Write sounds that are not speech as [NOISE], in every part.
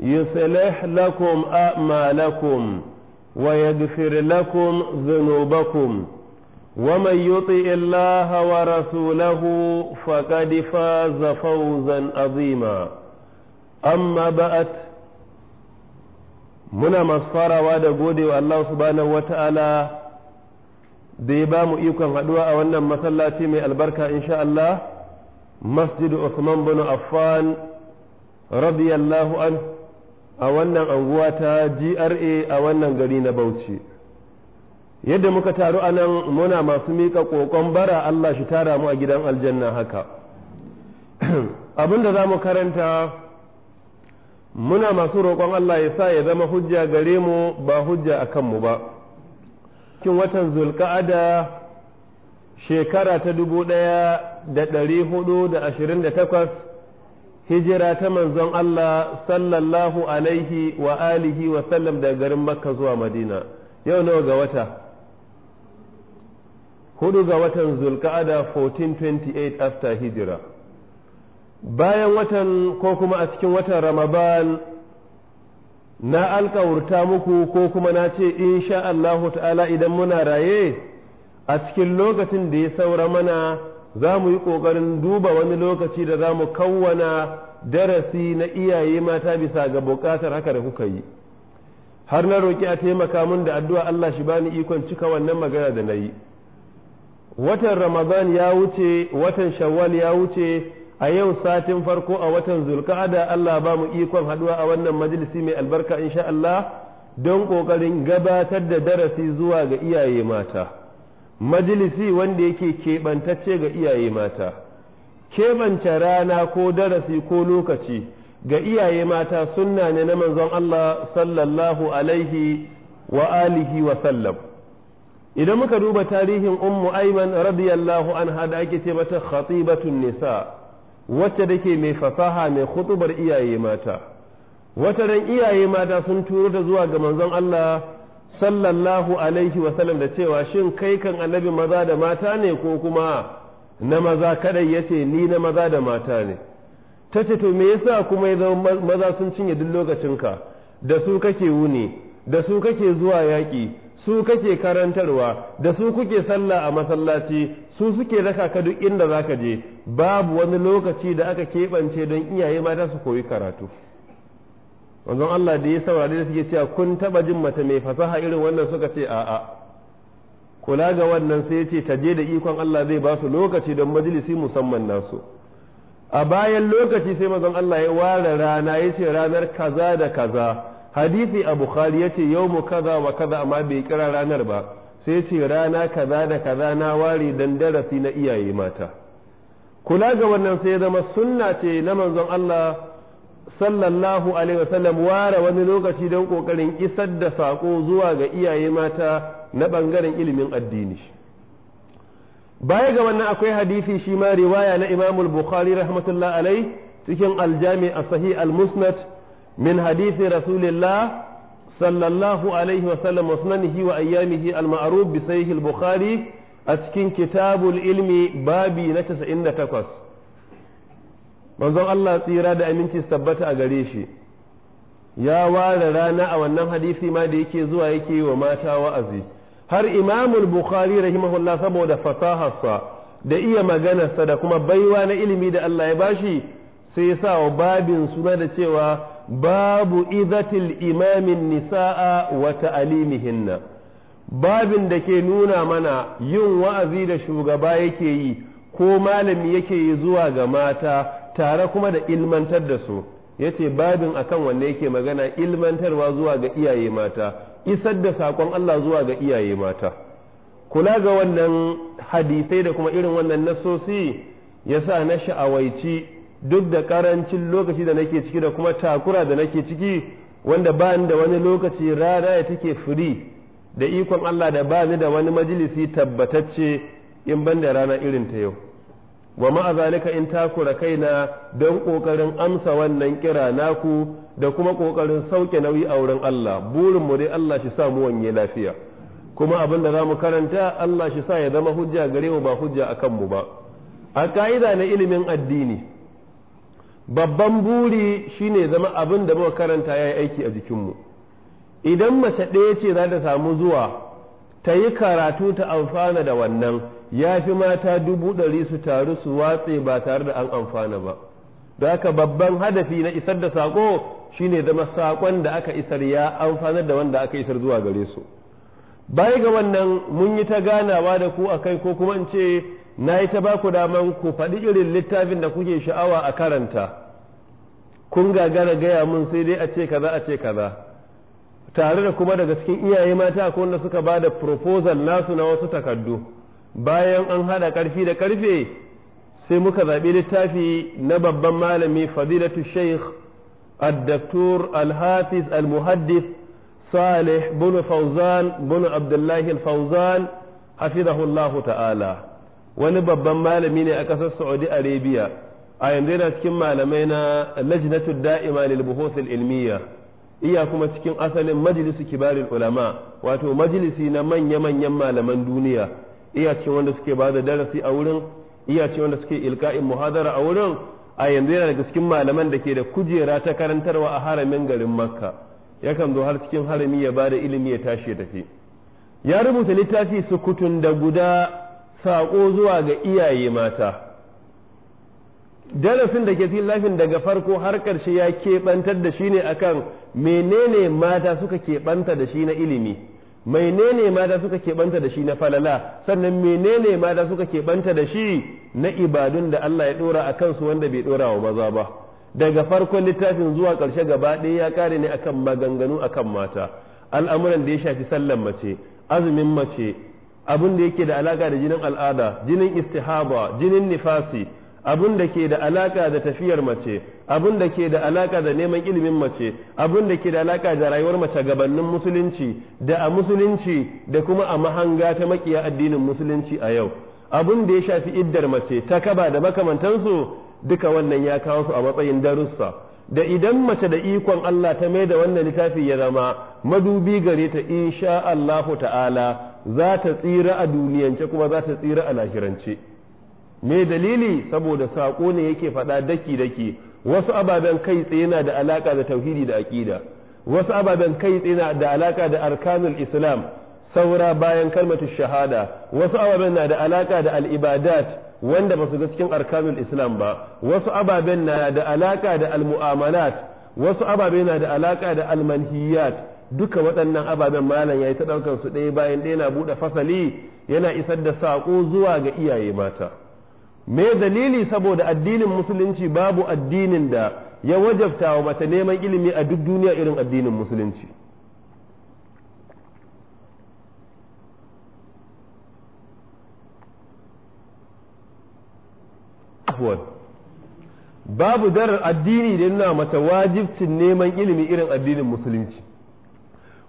يصلح لكم أعمالكم ويغفر لكم Wamai yotsi يطع الله ورسوله فقد فاز فوزا عظيما أما بعد muna masu da gode wa Allah subhanahu wata'ala da ya ba mu ikon haɗuwa a wannan masallaci mai albarka insha masjid Usman bin Affan radiyallahu anhu a wannan anguwa ta GRA a wannan gari na Bauchi yadda muka taru a nan muna masu miƙa ƙoƙon bara Allah shi tara mu a gidan aljanna haka [CLEARS THROAT] abin da za mu karanta muna masu roƙon Allah ya sa ya zama hujja gare mu ba hujja a kanmu ba cikin watan zulka'ada shekara ta dubu ɗaya da da ashirin da hijira ta manzon Allah sallallahu alaihi wa alihi wa sallam daga garin Makka zuwa Madina yau nawa ga wata hudu ga watan Zulqa'ada 1428 after hijira bayan watan ko kuma a cikin watan Ramadan na alkawurta muku ko kuma na ce insha Allahu ta'ala idan muna raye a cikin lokacin da ya saura mana za mu yi ƙoƙarin duba wani lokaci da za mu kawwana darasi na iyaye mata bisa ga buƙatar haka da kuka yi har na roƙi a taimaka mun da addu'a Allah shi bani ikon cika wannan magana da na yi watan ramadan ya wuce watan shawwal ya wuce a yau satin farko a watan zulka'ada Allah ba mu ikon haduwa a wannan majalisi mai albarka insha Allah don ƙoƙarin gabatar da darasi zuwa ga iyaye mata majalisi wanda yake keɓantacce ga iyaye mata keɓance rana ko darasi ko lokaci ga iyaye mata sunna ne na manzon Allah sallallahu alaihi wa alihi wa sallam idan muka duba tarihin ummu aiman radiyallahu anha da ake ce mata khatibatun nisa wacce dake mai fasaha mai khutubar iyaye mata wata ran iyaye mata sun turo ta zuwa ga manzon Allah sallallahu alaihi wasallam da cewa shin kai kan annabi maza da mata ne ko kuma na maza kadai yace ni na maza da mata ne ta ce to me yasa kuma ya zama maza sun cinye duk lokacinka da su kake wuni da su kake zuwa yaƙi su kake karantarwa da su kuke sallah a masallaci su suke raka ka duk inda zaka je babu wani lokaci da aka keɓance don iyaye mata su koyi karatu wanzan Allah da ya saurari da suke cewa kun taba jin mace mai fasaha irin wannan suka ce a'a kula ga wannan sai ya ce ta je da ikon Allah zai ba su lokaci don majalisi musamman nasu a bayan lokaci sai mazan Allah ya ware rana ya ce ranar kaza da kaza hadisi a bukhari ya ce yau mu kaza wa kaza amma bai kira ranar ba sai ce rana kaza da kaza na ware don darasi na iyaye mata kula ga wannan sai ya zama sunna ce na manzon Allah sallallahu alaihi wasallam ware wani lokaci don kokarin isar da sako zuwa ga iyaye mata na bangaren ilimin addini baya ga wannan akwai hadisi shi ma riwaya na Imam al-Bukhari rahmatullah alaihi cikin al-Jami' al-Musnad min hadisi Rasulillah sallallahu alaihi wasallam wasnanihi wa ayyamihi al-ma'ruf bi sahih al-Bukhari a cikin kitabul ilmi babi na 98 manzon Allah tsira da aminci tabbata a gare shi ya ware rana a wannan hadisi ma da yake zuwa yake yi wa mata wa'azi har imamul bukhari rahimahullah saboda fasaharsa da iya maganarsa da kuma baiwa na ilimi da Allah ya bashi sai sa wa babin suna da cewa babu izatil imamin nisa'a wa ta'alimihinna babin da ke nuna mana yin wa'azi da shugaba yake yi ko malami yake yi zuwa ga mata tare kuma da ilmantar da su yace babin akan wanne yake magana ilmantarwa zuwa ga iyaye mata isar da saƙon Allah zuwa ga iyaye mata kula ga wannan hadisai da kuma irin wannan nasosi sa na sha'awaici duk da karancin lokaci da nake ciki da kuma takura da nake ciki wanda ba ni da wani lokaci rana ya take firi da ikon Allah da ba ni da wani majalisi tabbatacce in ban da rana irin ta yau wa ma'a zalika in takura kaina don kokarin amsa wannan kira naku da kuma ƙoƙarin sauke nauyi a wurin Allah burin mu dai Allah shi sa mu wanye lafiya kuma abin da zamu karanta Allah shi sa ya zama hujja gare mu ba hujja akan mu ba a ka'ida na ilimin addini babban buri shine zama abin da muka karanta yayi aiki a jikin mu idan mace ɗaya ce za ta samu zuwa ta yi karatu ta amfana da wannan ya fi mata dubu ɗari su taru su watse ba tare da an amfana ba da haka babban hadafi na isar da saƙo shine zama saƙon da aka isar ya amfanar da wanda aka isar zuwa gare su baya ga wannan mun yi ta ganawa da ku akai ko kuma in ce na yi ta baku daman ku faɗi irin littafin da kuke sha'awa a karanta kun gagara gaya mun sai dai a ce kaza a ce kaza tare da kuma daga cikin iyaye mata ko wanda suka ba da proposal nasu na wasu takardu bayan an haɗa ƙarfi da karfe sai muka zaɓi littafi na babban malami fadilatu sheikh الدكتور الحافظ المحدث صالح بن فوزان Abdullahi عبد الله الفوزان حفظه الله تعالى wani babban malami ne a ƙasar saudi arabia a yanzu yana cikin malamai na lajnatu da'ima lil buhuthil ilmiya iya kuma cikin asalin majlisu kibarul ulama wato majlisi na manya manyan malaman duniya iyacin wanda suke ba da darasi a wurin iyacin wanda suke ilka'in muhadara a wurin a yanzu yana daga cikin malaman da ke da kujera ta karantarwa a haramin garin makka yakan zo har cikin harami ya bada ilimi ya tashi ya tafi ya rubuta littafi sukutun da guda sako zuwa ga iyaye mata darasin da ke cikin lafin daga farko har karshe ya keɓantar da shi ne akan menene mata suka keɓanta da shi na ilimi menene mata suka keɓanta da shi na falala sannan menene mata suka keɓanta da shi na ibadun da Allah ya dora a kansu wanda bai dora wa maza ba daga farkon littafin zuwa ƙarshe gaba ɗaya ya ƙare ne akan maganganu akan mata al'amuran da ya shafi sallan mace azumin mace abin da yake da alaka da jinin al'ada jinin istihaba jinin nifasi abin da ke da alaka da tafiyar mace abin da ke da alaka da neman ilimin mace abin da ke da alaka da rayuwar mace gabanin musulunci da a musulunci da kuma a mahanga ta makiya addinin musulunci a yau abin da ya shafi iddar mace ta kaba da makamantansu duka wannan ya kawo su a matsayin darussa da idan mace da ikon Allah ta mai da wannan littafi ya zama madubi gare ta insha Allahu ta'ala za ta tsira a duniyance kuma za ta tsira a lahirance me dalili saboda saƙo ne yake faɗa daki daki wasu ababen kai tsaye na da alaƙa da tauhidi da aƙida wasu ababen kai tsaye na da alaƙa da arkanul islam saura bayan kalmatu shahada wasu ababen na da alaƙa da al'ibadat wanda ba su ga cikin arkanul islam ba wasu ababen na da alaƙa da almu'amalat wasu ababen na da alaƙa da almanhiyat duka waɗannan ababen malam ya yi ta ɗaukar su ɗaya bayan ɗaya na buɗe fasali yana isar da saƙo zuwa ga iyaye mata me dalili saboda addinin musulunci babu addinin da ya wajabta wa mace neman ilimi a duk duniya irin addinin musulunci babu darar addini da yana mata wajibcin neman ilimi irin addinin musulunci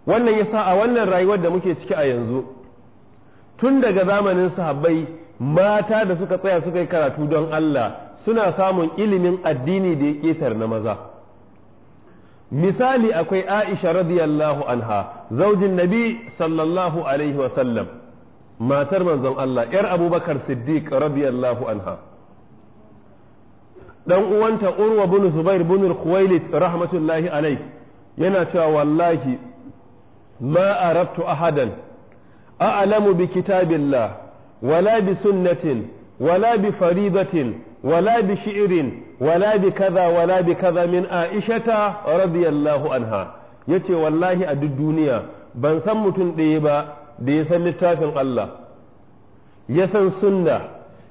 wannan yasa a wannan rayuwar da muke ciki a yanzu tun daga zamanin sahabbai mata da suka tsaya suka yi karatu don Allah suna samun ilimin addini da ya ƙetar na maza misali akwai Aisha radiyallahu anha zaujin nabi sallallahu alaihi wa sallam matar manzon Allah yar Abubakar Siddiq radiyallahu anha dan uwanta Urwa bin Zubair bin Khuwailid rahmatullahi alaihi yana cewa wallahi ma arabtu ahadan a'lamu bi kitabillah Walabi sunnatin walabi bi walabi shi'irin walabi kaza walabi bi kaza min aishata radiyallahu anha yace wallahi a duk duniya ban san mutum ɗaya ba da ya san littafin Allah ya san sunna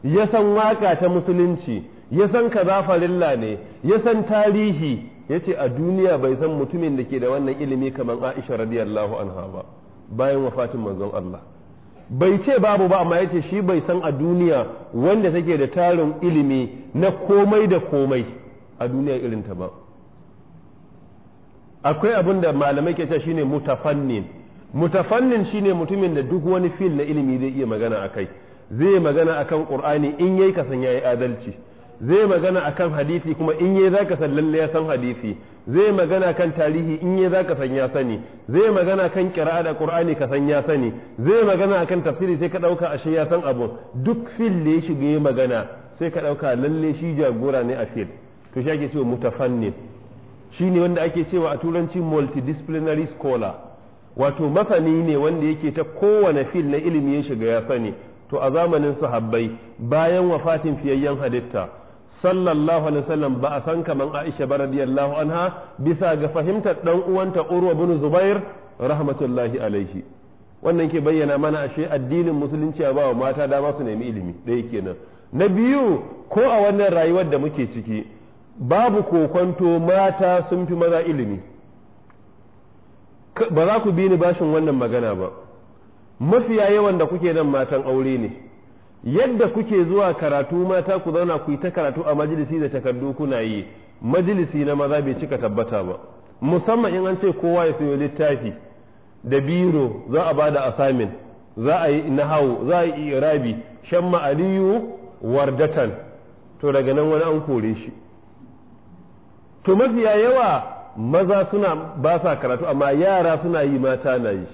ya san waka ta musulunci ya san kaza farilla ne ya san tarihi yace a duniya bai san mutumin da ke da wannan ilimi kamar Aisha radiyallahu anha ba bayan wafatin manzon Allah bai ce babu ba amma yace shi bai san a duniya wanda take da tarin ilimi na komai da komai a duniya irin ta ba akwai abin da malamai ke cewa shine mutafannin mutafannin shine mutumin da duk wani fil na ilimi zai iya magana akai zai magana akan qur'ani in yayi kasan yayi adalci zai magana akan hadisi kuma in yi zaka san lalle ya san hadisi zai magana kan tarihi in yi zaka san ya sani zai magana kan kira'a da qur'ani ka san ya sani zai magana akan tafsiri sai ka dauka ashe ya san abu duk fil da ya shiga magana sai ka dauka lalle shi jagora ne a fil to shi ake cewa mutafannin shine wanda ake cewa a turanci multidisciplinary scholar wato masani ne wanda yake ta kowane fil na ilimi ya shiga ya sani to a zamanin sahabbai bayan wafatin fiyayyen halitta sallallahu alaihi wasallam ba a san kaman Aisha ba radiyallahu anha bisa ga fahimtar dan uwanta Urwa bin Zubair rahmatullahi alaihi wannan ke bayyana mana ashe addinin musulunci ya bawa mata dama su nemi ilimi daya kenan na biyu ko a wannan rayuwar da muke ciki babu kokonto mata sun fi maza ilimi ba za ku bi ni bashin wannan magana ba mafiya yawan da kuke nan matan aure ne yadda kuke zuwa karatu mata ku zauna ku yi ta karatu a majalisi da takardu kuna yi majalisi na maza bai cika tabbata ba musamman in an ce kowa ya sayo littafi da biro za a bada asamin za a yi nahawu za a yi irabi shamma aliyu wardatan to daga nan wani an kore shi to mafiya yawa maza suna ba sa karatu amma yara suna yi mata na yi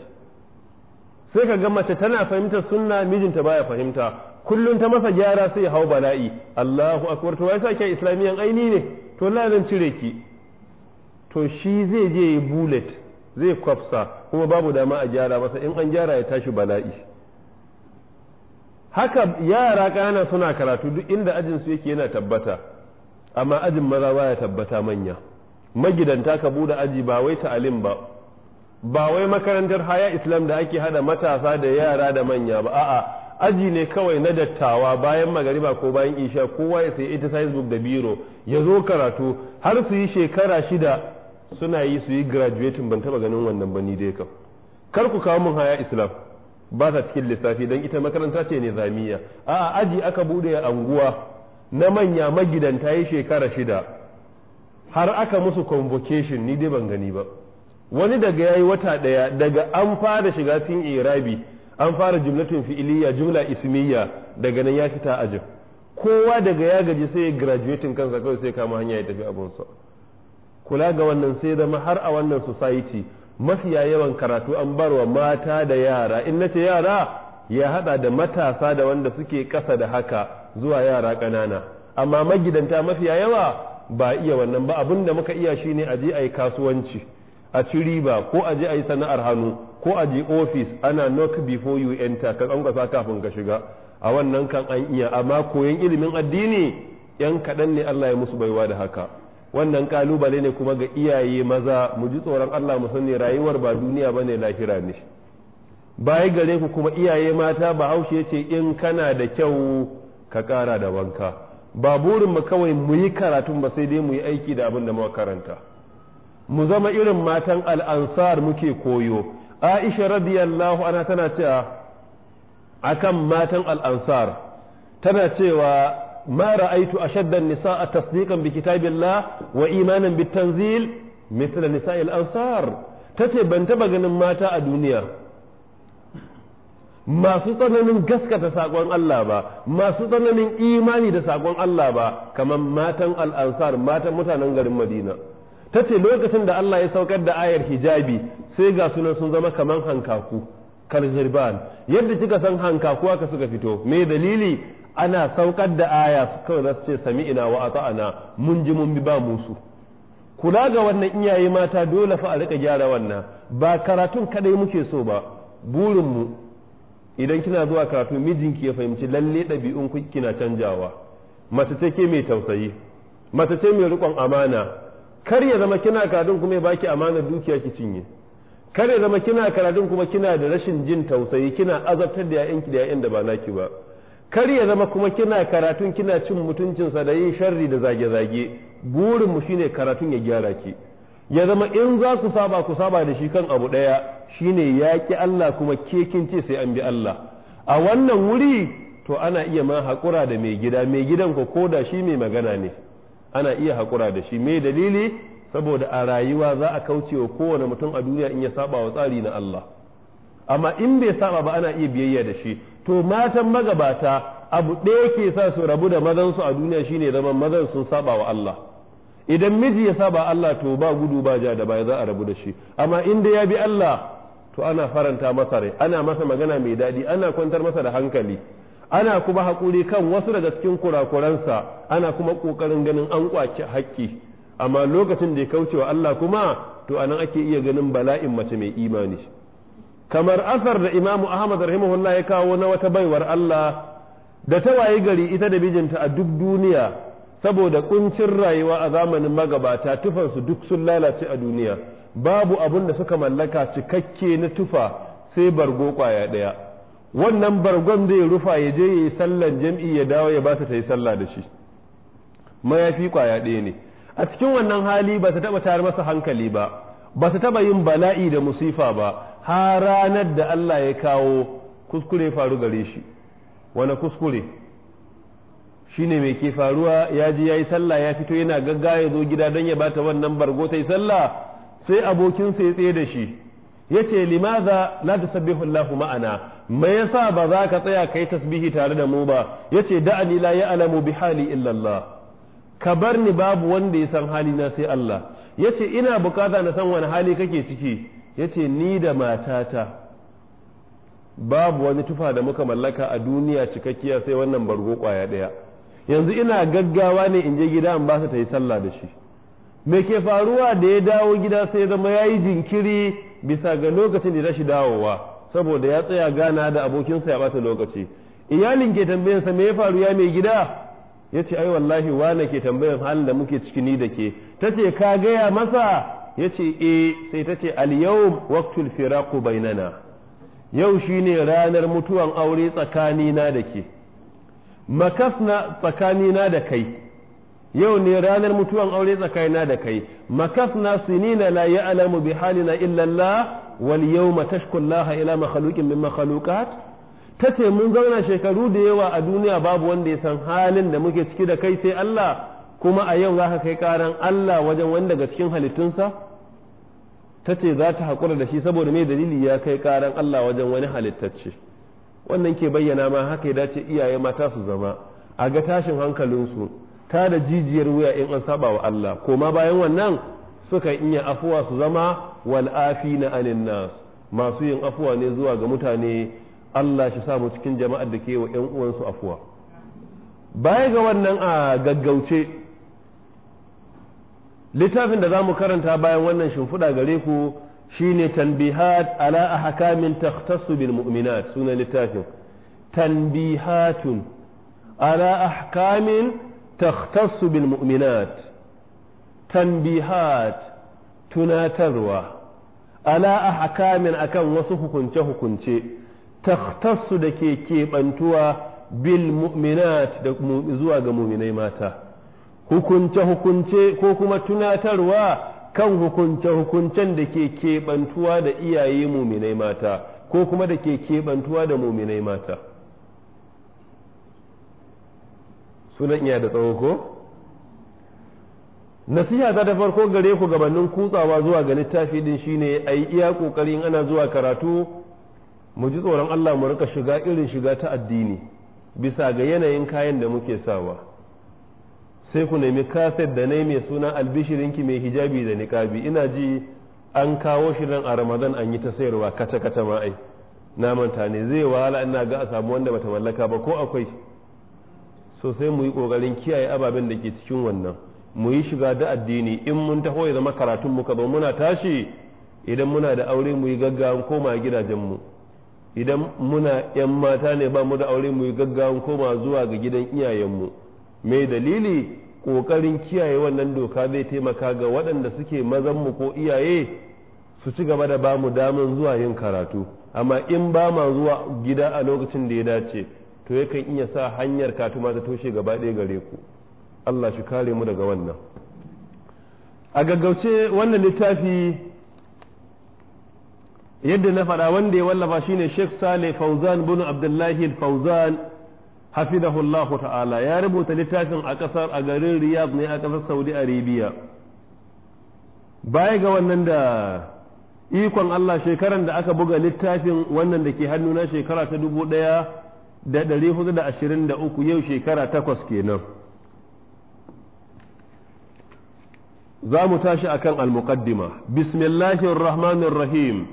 sai ka ga mace tana fahimtar sunna mijinta baya fahimta Kullum ta masa gyara sai hau bala'i Allahu akbar to yasa ke islamiyan aini ne to Allah zan cire ki to shi zai je bullet zai kwafsa kuma babu dama a gyara masa in an gyara ya tashi bala'i haka yara kana suna karatu duk inda ajin su yake yana tabbata amma ajin maza baya tabbata manya magidanta ka bude aji ba wai ta'alim ba ba wai makarantar haya islam da ake hada matasa da yara da manya ba a'a aji ne kawai na dattawa bayan magariba ko bayan isha kowa ya sayi Science book da biro ya zo karatu har su yi shekara shida suna yi su yi graduating ban taba ganin wannan ba ni dai kam kar ku kawo mun haya islam ba ta cikin lissafi don ita makaranta ce ne zamiya a aji aka bude a anguwa na manya magidan ta yi shekara shida har aka musu convocation ni dai ban gani ba wani daga yayi wata ɗaya daga an fara shiga cikin irabi an fara jumlatun fi'iliya jumla ismiya daga nan ya fita ajin kowa daga ya gaji sai ya graduating kansa kawai sai kama hanya ya tafi sa kula ga wannan sai zama har a wannan society mafiya yawan karatu an barwa mata da yara in nace yara ya hada da matasa da wanda suke kasa da haka zuwa yara kanana amma magidanta mafiya yawa ba iya wannan ba abinda muka iya shine a je kasuwanci a ci riba ko a je a yi sana'ar hannu ko a je ofis ana knock before you enter ka kwankwasa kafin ka shiga a wannan kan an iya amma koyon ilimin addini yan kaɗan ne Allah ya musu baiwa da haka wannan kalubale ne kuma ga iyaye maza mu ji tsoron Allah mu sani rayuwar ba duniya ba bane lahira ne baya gare ku kuma iyaye mata ba haushe ce in kana da kyau ka kara da wanka ba burin mu kawai mu yi karatun ba sai dai mu yi aiki da abin da muka karanta mu zama irin matan al'ansar muke koyo aisha radiyallahu ana tana cewa kan matan al'ansar tana cewa mara ma ra'aitu ashadda nisaa tasdiqan bi kitabillah wa imanin bit tanzil nisa al'ansar ta ce ban taba ganin mata a duniya masu tsananin gaskata saƙon Allah ba masu tsananin imani da saƙon Allah ba kamar matan al'ansar matan mutanen garin Madina ta ce lokacin da Allah ya saukar da ayar hijabi sai ga sunan sun zama kamar hankaku kal yadda kika san hankaku aka suka fito me dalili ana saukar da aya kawai za su ce sami'ina wa ata'ana mun ji mun bi ba musu kula ga wannan iyaye mata dole fa a rika gyara wannan ba karatun kadai muke so ba burinmu idan kina zuwa karatu mijinki ya fahimci lalle ɗabi'un kina canjawa mace ce ke mai tausayi mace ce mai riƙon amana kar ya zama kina karatun kuma ya baki amanar dukiya ki cinye kar ya zama kina karatun kuma kina da rashin jin tausayi kina azabtar da yayanki da yayan da ba naki ba kar ya zama kuma kina karatun kina cin mutuncinsa da yin sharri da zage-zage burin mu shine karatun ya gyara ki ya zama in za ku saba ku saba da shi kan abu ɗaya shine yaƙi Allah kuma ke kin ce sai an bi Allah a wannan wuri to ana iya ma haƙura da mai gida mai gidan ko da shi mai magana ne ana iya haƙura da shi me dalili saboda a rayuwa za a kauce wa kowane mutum a duniya in ya saba wa tsari na Allah amma in bai saba ba ana iya biyayya da shi to matan magabata abu ɗaya ke sa su rabu da mazansu a duniya shine zama mazan sun saba wa Allah idan miji ya saba Allah to ba gudu ba ja da baya za a rabu da shi amma in da ya bi Allah to ana faranta masa rai ana masa magana mai daɗi ana kwantar masa da hankali ana kuma haƙuri kan wasu daga cikin kurakuransa ana kuma ƙoƙarin ganin an ƙwace haƙƙi amma lokacin da ya kauce wa Allah kuma to anan ake iya ganin bala'in mace mai imani kamar asar da imamu ahmad rahimahullah ya kawo na wata baiwar Allah da ta waye gari ita da mijinta a duk duniya saboda kuncin rayuwa a zamanin magabata tufansu duk sun lalace a duniya babu abun da suka mallaka cikakke na tufa sai bargo kwaya ɗaya wannan bargon zai rufa ya je ya yi sallan jam'i ya dawo ya ba ta yi sallah da shi mayafi kwaya ɗaya ne a cikin wannan hali ba ta taɓa tayar masa hankali ba ba ta taɓa yin bala'i da musifa ba har ranar da Allah ya kawo kuskure faru gare shi wani kuskure shi ne mai ke faruwa ya ji ya yi sallah ya fito yana gaggawa ya zo gida don ya bata wannan bargo ta yi sallah sai abokinsa ya tsaye da shi ya ce limaza la tusabbihu Allahu ma'ana ma yasa ba za ka tsaya kai tasbihi tare da mu ba yace da'ani la ya'lamu bi hali illa Allah ka bar ni babu wanda ya san hali na sai Allah yace ina bukata na san wani hali kake ciki yace ni da matata babu wani tufa da muka mallaka a duniya cikakkiya sai wannan bargo kwaya daya yanzu ina gaggawa ne in je gida in ba ta yi sallah da shi me ke faruwa da ya dawo gida sai zama yayi jinkiri bisa ga lokacin da ya shi dawowa saboda ya tsaya gana da abokinsa ya bata lokaci iyalin ke tambayansa me ya faru ya mai gida ya ce ai wallahi wane ke tambayan halin da muke ciki ni da ke ta ce ka gaya masa ya ce e sai ta ce al-yawm waqtul firaqu bainana yau shine ranar mutuwan aure tsakanina da ke makasna tsakanina da kai yau ne ranar mutuwan aure tsakanina da kai makasna sinina la ya'lamu bi halina illa Allah wal yawma tashku Allah ila makhluqin min makhluqat tace mun zauna shekaru da yawa a duniya babu wanda ya san halin da muke ciki da kai sai Allah kuma a yau zaka kai karan Allah wajen wanda daga cikin halittunsa tace za ta hakura da shi saboda me dalili ya kai karan Allah wajen wani halittacce wannan ke bayyana ma haka ya dace iyaye mata su zama a ga tashin hankalinsu ta da jijiyar wuya in an saba wa Allah koma bayan wannan sukan iya afuwa su zama wal afina anin nas masu yin afuwa ne zuwa ga mutane Allah shi samu cikin jama'ar da ke wa ƴan uwansu afuwa baya ga wannan a gaggauce littafin da za mu karanta bayan wannan shimfiɗa gare ku shine tanbihat ala ahkamin takhtassu bil mu'minat sunan littafin tanbihatun ala ahkamin takhtassu bil mu'minat tanbihat tunatarwa ala a hakamin akan wasu hukunce-hukunce takhtassu da ke keɓantuwa bil mu'minat da zuwa ga muminai mata hukunce-hukunce ko kuma tunatarwa kan hukunce-hukuncen da ke keɓantuwa da iyaye muminai mata ko kuma da ke keɓantuwa da muminai mata sunan iya da tsawo ko? nasiha ta da farko gare ku gabanin kutsawa zuwa ga littafi din shine a yi iya kokarin ana zuwa karatu mu ji tsoron Allah mu rika shiga irin shiga ta addini bisa ga yanayin kayan da muke sawa sai ku nemi kaset da nai mai suna ki mai hijabi da niƙabi ina ji an kawo shi nan a ramadan an yi ta sayarwa kata kata ma ai na manta ne zai wahala ina ga a samu wanda bata mallaka ba ko akwai so sai mu yi kokarin kiyaye ababen da ke cikin wannan mu yi shiga da addini in mun taho ya zama karatun muka zo muna tashi idan muna da aure mu yi gaggawan koma gidajenmu idan muna yan mata ne ba mu da aure mu yi gaggawan koma zuwa ga gidan iyayenmu mai dalili kokarin kiyaye wannan doka zai taimaka ga waɗanda suke mazanmu ko iyaye su ci gaba da bamu daman zuwa yin karatu amma in ba ma zuwa gida a lokacin da ya dace to yakan iya sa hanyar katuma ta toshe gaba ɗaya gare ku Allah shi kare mu daga wannan a gaggauce wannan littafi yadda na faɗa wanda ya wallafa shi ne Sheikh Saleh Fauzan bin Abdullahi Fauzan hafidahullahu ta'ala ya rubuta littafin a ƙasar a garin Riyadh ne a ƙasar Saudi Arabia baya ga wannan da ikon Allah shekaran da aka buga littafin wannan da ke hannuna shekara ta dubu ɗaya da ɗari hudu da ashirin da uku yau shekara takwas kenan za mu tashi a kan almukaddima, bismillahir rahmanir rahim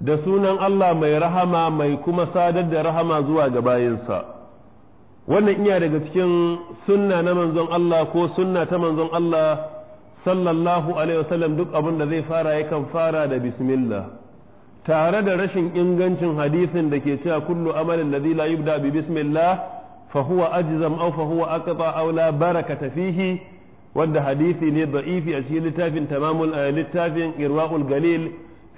da sunan Allah mai rahama mai kuma sadar da rahama zuwa ga bayinsa wannan iya daga cikin sunna na manzon Allah ko sunna ta manzon Allah sallallahu alaihi wasallam duk abin da zai fara yakan fara da bismillah tare da rashin ingancin hadisin da ke cewa kullu amalin ladhi la yubda bi bismillah fa huwa ajzam aw fa huwa aqta aw la fihi wadda hadisi ne da'ifi a cikin littafin tamamul eh, littafin irwaul galil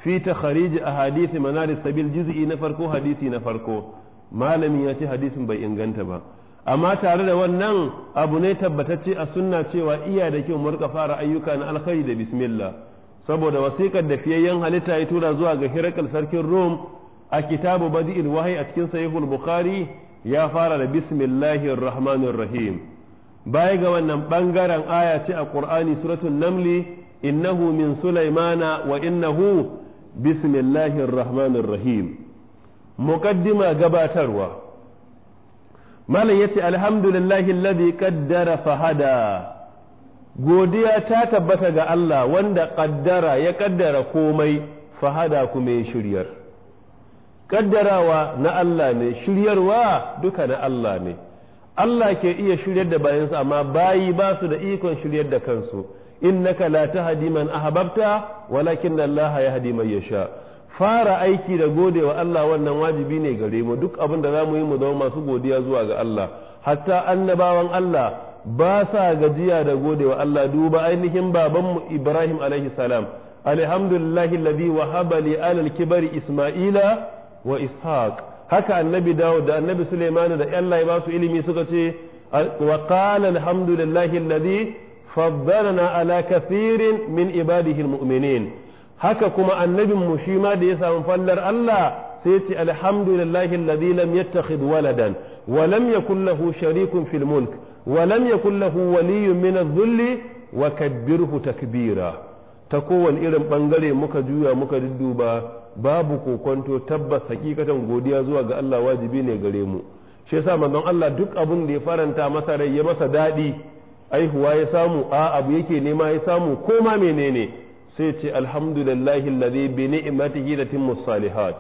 fi a ahadith manaris sabil juz'i na farko hadisi na farko malamin ya ce hadisin bai inganta ba amma tare da wannan abu ne tabbatacce a sunna cewa iya da kyau murka fara ayyuka na alkhairi da bismillah saboda wasikar da fiyayyen halitta ya tura zuwa ga hirakal sarkin rom a kitabu badi'il wahyi a cikin sahihul bukhari ya fara da bismillahir rahmanir rahim baya ga wannan ɓangaren aya ce a Qur'ani suratul namli innahu min sulaimana wa innahu bismillahir rahmanir rahim muqaddima gabatarwa malam yace alhamdulillahi alladhi qaddara fahada godiya ta tabbata ga Allah wanda kaddara ya kaddara komai fahada kuma ya shiryar kaddarawa na Allah ne shiryarwa duka na Allah ne Allah ke iya shiryar da bayansu amma bayi ba su da ikon shiryar da kansu innaka la tahdi man ahbabta walakin Allah yahdi man yasha fara aiki da gode wa Allah wannan wajibi ne gare mu duk abin da zamu yi mu zama masu godiya zuwa ga Allah hatta annabawan Allah ba sa gajiya da gode wa Allah duba ainihin babanmu Ibrahim alaihi salam alhamdulillahi alladhi wahaba li alal kibari isma'ila wa ishaq haka annabi Dawud da annabi Sulaiman da Allah ba su ilimi suka ce wa qala alhamdulillahi alladhi faddalana ala kathirin min ibadihi almu'minin haka kuma annabin mu shi ma da ya samu fallar Allah sai ce alhamdulillahi alladhi lam yattakhidh waladan wa lam yakul lahu sharikun fil mulk wa lam yakul lahu waliyyun min adh-dhulli wa kabbirhu takbira ta kowane irin bangare muka juya muka dudduba babu kokonto tabbas hakikatan godiya zuwa ga Allah wajibi ne gare mu shi yasa manzon Allah duk abun da ya faranta masa rai ya masa daɗi aihuwa ya samu a abu yake nema ya samu ko ma menene sai ce alhamdulillahi alladhi bi ni'matihi tatimmu salihat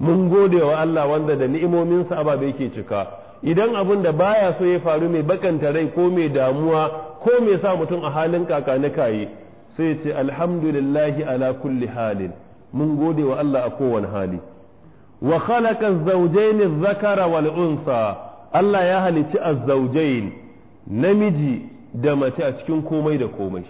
mun gode wa Allah wanda da ni'imominsa ababe yake cika idan abun da baya so ya faru mai bakanta rai ko mai damuwa ko mai sa mutum a halin kakani yi sai ce alhamdulillahi ala kulli halin mun gode wa Allah a kowane hali wa khalaqa az-zawjayn adh-dhakara wal unsa Allah ya halici az namiji da mace a cikin komai da komai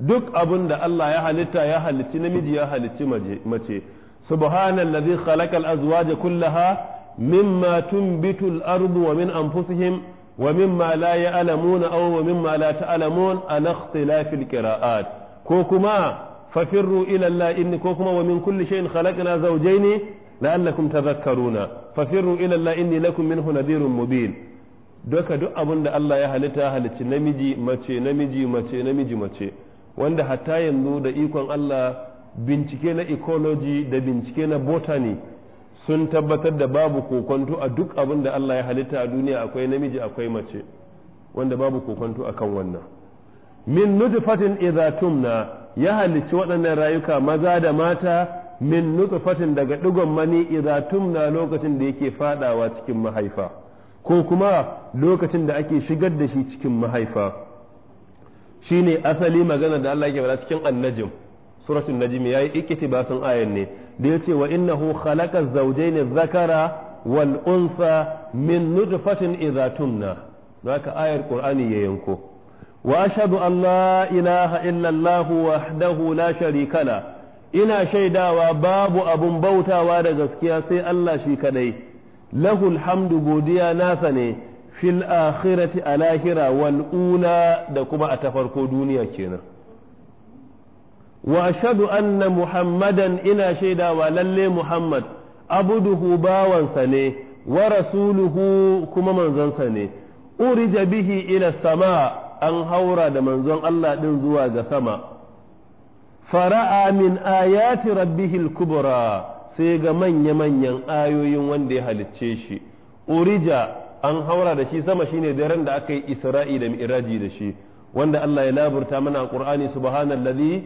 duk abin da Allah ya halitta ya halici namiji ya halici mace subhanallazi khalaqal azwaja kullaha mimma tunbitu al-ardu wa min anfusihim wa mimma la ya'lamuna aw wa mimma la ta'lamun an ikhtilafil qira'at ko kuma fafirru ila Allah inni ko kuma wa min kulli shay'in khalaqna zawjayn la'allakum tadhakkaruna fafirru ila Allah inni lakum minhu nadhirun mubin doka duk abin Allah ya halitta halicci namiji mace namiji mace namiji mace wanda hatta yanzu da ikon Allah bincike na ecology da bincike na botany sun tabbatar da babu kokonto a duk abin Allah ya halitta a duniya akwai namiji akwai mace wanda babu kokonto akan wannan min nutfatin idza na. ya halicci waɗannan rayuka maza da mata min nutfatin daga digon mani idza tumna lokacin da yake fadawa cikin mahaifa ko kuma lokacin da ake shigar da shi cikin mahaifa shine asali magana da Allah yake faɗa cikin annajim suratul najm yayi iktibasan ayan ne da yace wa innahu khalaqa zawjayn zakara wal untha min nutfatin idza tumna haka ayar qur'ani ya yanko وأشهد أن لا إله إلا الله وحده لا شريك له إنا شيدا وباب أبو بوتا ورزقيا سي الله شيكني له الحمد بوديا نافني في الآخرة الآخرة والأولى دكما أتفرقوا دنيا كينا وأشهد أن محمدا إنا شيدا وللي محمد أبده باوان سنه ورسوله كما من زنسنه أرج به إلى السماء an haura da manzon Allah ɗin zuwa ga sama fara'a min ayati rabbihil kubra sai ga manya-manyan ayoyin wanda ya halicce shi urija an haura da shi sama shine daren da aka yi isra'i da mi'raji da shi wanda Allah ya laburta mana a Qur'ani subhanallazi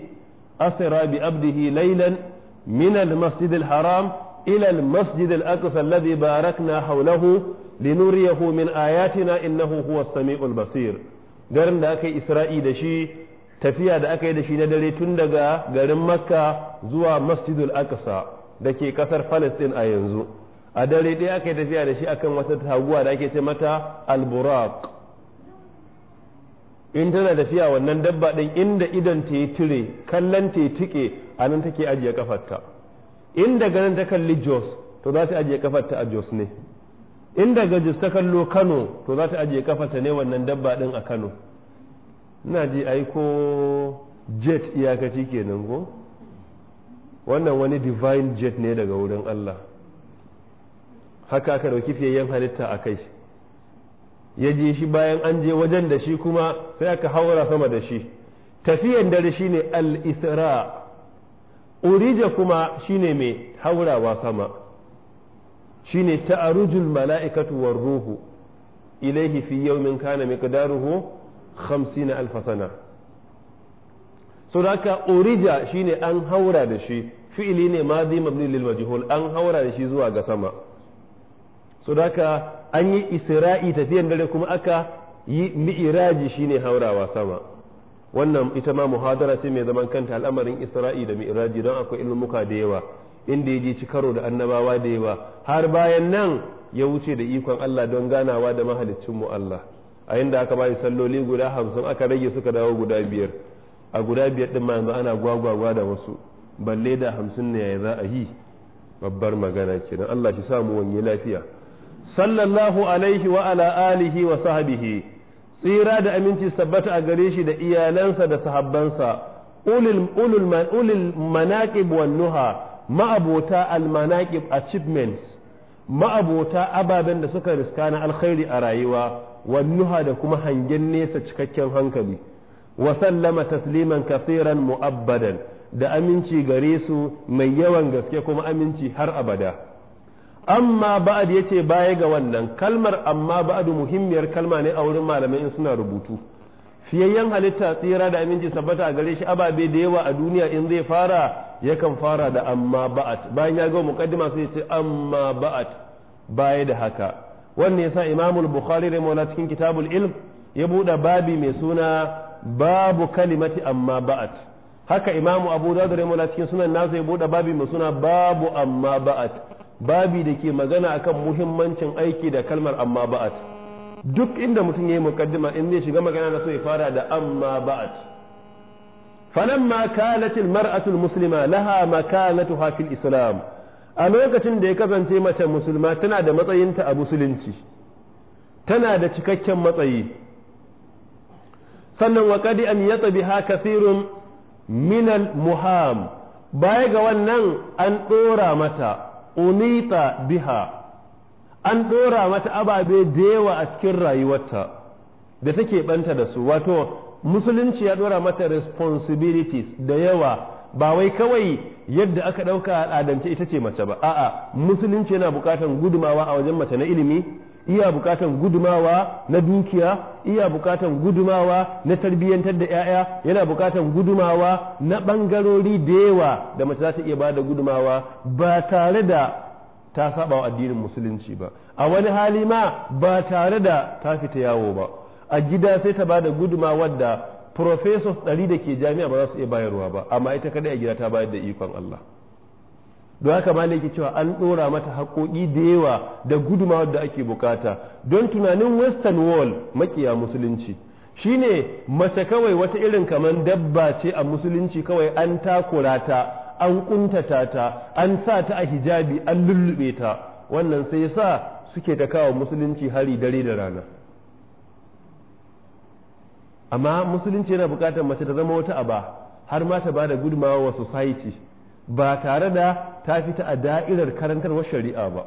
asra bi abdihi laylan min al-masjid al-haram ila al-masjid al-aqsa alladhi barakna hawlahu linuriyahu min ayatina innahu huwas samiul basir garin da aka yi isra'i da shi tafiya da aka yi da shi na dare tun daga garin makka zuwa masjidul aqsa da ke kasar palestine a yanzu a dare ɗaya aka yi tafiya da shi akan wata taguwa da ake ce mata buraq in tana tafiya wannan dabba ɗin inda idan ta yi tire kallon ta yi tike a nan take ajiye kafarta in daga nan ta kalli jos to za ta ajiye kafarta a jos ne in daga jis kallo kano to za ta ajiye kafata ne wannan dabba din a kano ina ji ai jet iyakaci kenan ko wannan wani divine jet ne daga wurin Allah haka aka dauki fiyayyen halitta a kai ya je shi bayan an je wajen da shi kuma sai aka haura sama da shi tafiyan dare shine al-isra urija kuma shine mai haurawa sama shine arujul mala'ikatu wa ruhu ilaihi fi yawmin kana miqdaruhu khamsina alf sana so da haka shi shine an haura da shi fi'ili ne ma mabni lil majhul an haura da shi zuwa ga sama so haka an yi isra'i tafiyan dare kuma aka yi mi'iraji shine haurawa sama wannan ita ma muhadara ce mai zaman kanta al'amarin isra'i da mi'iraji don akwai ilmuka da yawa inda ya je ci karo da annabawa da yawa har bayan nan ya wuce da ikon Allah don ganawa da mahaliccin mu Allah a inda aka bayi salloli guda hamsin aka rage suka dawo guda biyar a guda biyar din ma yanzu ana gwagwagwa da wasu balle da hamsin ne ya za a yi babbar magana kenan Allah shi samu wani lafiya sallallahu alaihi wa ala alihi wa sahbihi tsira da aminci sabbata a gare shi da iyalansa da sahabbansa ulul ulul manaqib wan nuha ma'abota almanaqib achievements ma'abota ababen da suka riska na alkhairi a rayuwa wannuha da kuma hangen nesa cikakken hankali wa sallama tasliman kafiran mu'abbadan da aminci gare su mai yawan gaske kuma aminci har abada amma ba'ad yace baya ga wannan kalmar amma ba'adu muhimmiyar kalma ne a wurin malamai in suna rubutu fiyayyen halitta tsira da aminci sabbata a gare shi ababe da yawa a duniya in zai fara yakan fara da amma ba'at bayan ya ga muqaddima sai ya ce amma ba'at baya da haka wannan yasa imamul bukhari rahimahullah cikin kitabul ilm ya buɗe babi mai suna babu kalimati amma ba'at haka imamu abu dawud rahimahullah cikin sunan nasa ya buɗe babi mai suna babu amma ba'at babi da ke magana akan muhimmancin aiki da kalmar amma ba'at duk inda mutum ya yi muqaddima in zai shiga magana na so ya fara da amma ba'at falamma kalatil almar'atu muslima laha makalatuha fil islam a lokacin da ya kasance mace musulma tana da matsayinta a musulunci tana da cikakken matsayi sannan wa qadi an yatbiha kathirun min muham baya ga wannan an dora mata unita biha an ɗora mata ababe da yawa a cikin rayuwarta da take banta da su wato musulunci ya ɗora mata responsibilities da yawa ba wai kawai yadda aka ɗauka al'adance ita ce mace ba a'a musulunci yana buƙatar gudumawa a wajen mace na ilimi iya buƙatar gudumawa na dukiya iya buƙatar gudumawa na tarbiyyantar da 'ya'ya yana buƙatar gudumawa na ɓangarori da yawa da mace za ta iya ba da gudumawa ba tare da ta saba wa addinin musulunci ba a wani hali ma ba tare da ta fita yawo ba a gida sai ta bada guduma wadda professors ɗari da ke jami'a ba za su iya bayarwa ba amma ita kadai a gida ta bayar da ikon Allah don haka ma yake cewa an ɗora mata haƙoƙi da yawa da guduma wadda ake bukata don tunanin western wall makiya musulunci shine mace kawai wata irin kamar dabba ce a musulunci kawai an takura ta an kuntata ta an sa ta a hijabi an lullube ta wannan sai yasa suke ta kawo musulunci hari dare da rana amma musulunci yana bukatar mace ta zama wata aba har ma ta bada gudumawa wa society ba tare da ta fita a da'irar karantarwar shari'a ba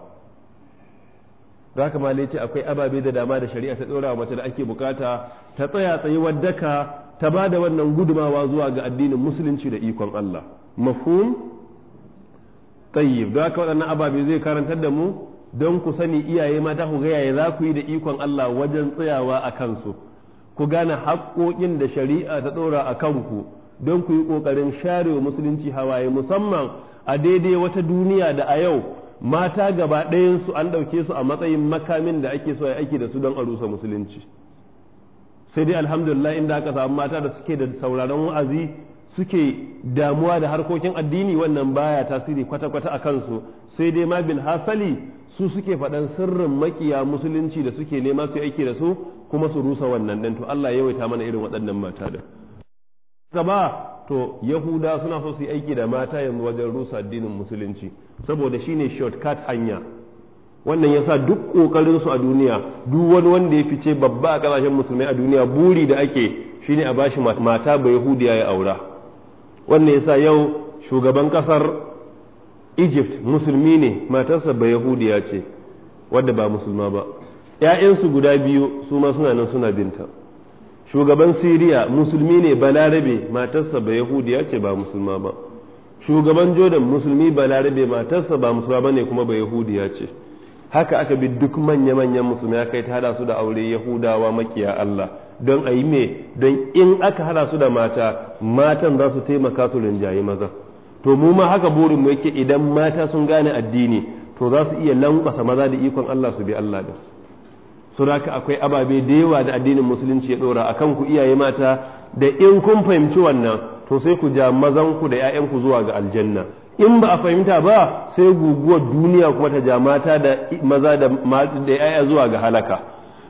za ka ce akwai ababe da dama da shari'a ta tsorawa mace da ake bukata ta tsaya tsayuwar daka ta ba da wannan gudumawa zuwa ga addinin musulunci da ikon Allah mafhum tayyib don haka waɗannan ababe zai karantar da mu don ku sani iyaye mata ku ga yaya za ku yi da ikon Allah wajen tsayawa a kansu ku gane haƙoƙin da shari'a ta ɗora a kanku don ku yi ƙoƙarin share musulunci hawaye musamman a daidai wata duniya da a yau mata gaba ɗayansu an ɗauke su a matsayin makamin da ake so ya aiki da su don a rusa musulunci sai dai alhamdulillah inda aka samu mata da suke da sauraron wa'azi suke damuwa da harkokin addini wannan baya tasiri kwata-kwata a kansu sai dai ma bin hasali su suke faɗan sirrin makiya musulunci da suke nema su aiki da su kuma su rusa wannan ɗin to Allah ya yawaita mana irin waɗannan mata da gaba to yahuda suna so su yi aiki da mata yanzu wajen rusa addinin musulunci saboda shine shortcut hanya wannan yasa duk kokarin su a duniya duk wani wanda ya fice babba a kasashen musulmai a duniya buri da ake shine a bashi mata ba yahudiya ya aura wannan yasa yau shugaban kasar egypt musulmi ne matarsa ba yahudiya ce wadda ba musulma ba ‘ya'yansu guda biyu su ma suna nan suna binta shugaban syria musulmi ne balarabe matarsa ba yahudiya ce ba musulma ba shugaban jordan musulmi balarabe matarsa ba musulma ba ne kuma ba yahudiya ce haka aka bi duk manya-manyan musulmi ya kai ta hada su da aure yahudawa makiya allah don a yi mai don in aka hada su da mata matan za su taimaka su rinjaye maza to mu ma haka burin mu yake idan mata sun gane addini to za su iya lankwasa maza da ikon Allah su bi Allah da su haka akwai ababe da yawa da addinin musulunci ya dora akan ku iyaye mata da in kun fahimci wannan to sai ku ja mazan ku da ku zuwa ga aljanna in ba a fahimta ba sai guguwar duniya kuma ta ja mata da maza da 'ya'ya zuwa ga halaka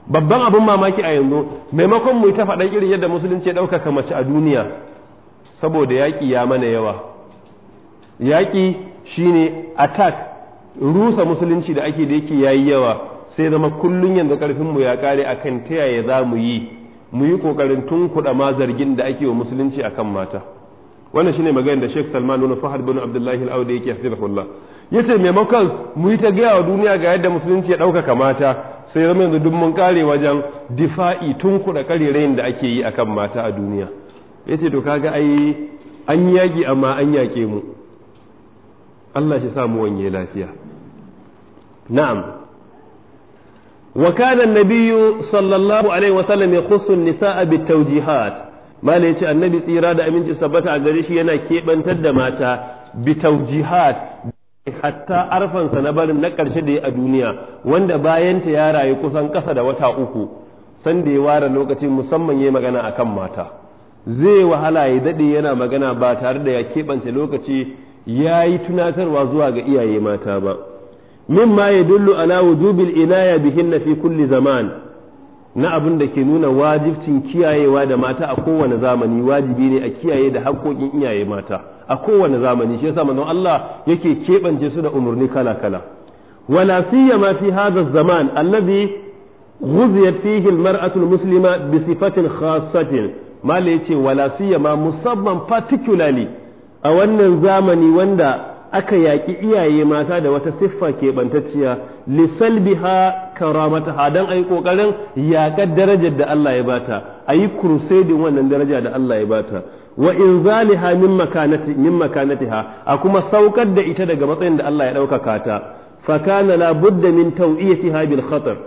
babban abin mamaki a yanzu maimakon mu ta faɗan irin yadda musulunci ya ɗaukaka mace a duniya saboda yaƙi ya mana yawa yaƙi shine attack rusa musulunci da ake da yake ya yi yawa sai zama kullum yanzu ƙarfin mu ya ƙare akan ta yaya za mu yi mu yi ƙoƙarin tun kuɗa ma zargin da ake wa musulunci akan mata wannan shine maganar da Sheikh Salman bin Fahad bin Abdullahi al-Audi yake hafizahullah yace maimakon mu yi ta gaya wa duniya ga yadda musulunci ya ɗaukaka mata sai zama yanzu duk mun kare wajen difa'i tun kuɗa ra'in da ake yi akan mata a duniya ya ce to kaga ai an yaƙi amma an yaƙe mu Allah shi samu wanye lafiya na'am wa kana nabiyyu sallallahu alaihi wa sallam yakhussu an-nisaa bitawjihat mala yace annabi tsira da aminci sabbata a gare shi yana keɓantar da mata bitawjihat hatta arfansa na barin na ƙarshe da ya a duniya wanda bayanta ya rayu kusan ƙasa da wata uku san da ya ware lokaci musamman ya magana akan mata zai wahala ya daɗe yana magana ba tare da ya keɓance lokaci ya yi tunatarwa zuwa ga iyaye mata ba mimma ya dullu ala wujubil inaya bihinna fi kulli zaman na abin da ke nuna wajibcin kiyayewa da mata a kowane zamani wajibi ne a kiyaye da haƙƙoƙin iyaye mata a kowane zamani shi yasa manzon Allah yake kebance su da umurni kala kala wala siyama fi hadha zaman alladhi ghuziyat fihi almar'atu almuslima bi sifatin khassatin mala yace wala siyama musamman particularly a wannan zamani wanda aka yaki iyaye mata da wata siffa keɓantacciya lisalbiha karamataha don a yi ƙoƙarin yaƙar darajar da Allah ya bata a yi kursedin wannan daraja da Allah ya bata wa in zaliha min makanati min makanatiha a kuma saukar da ita daga matsayin da Allah ya ɗaukaka ta fa kana la budda min tawiyatiha bil khatar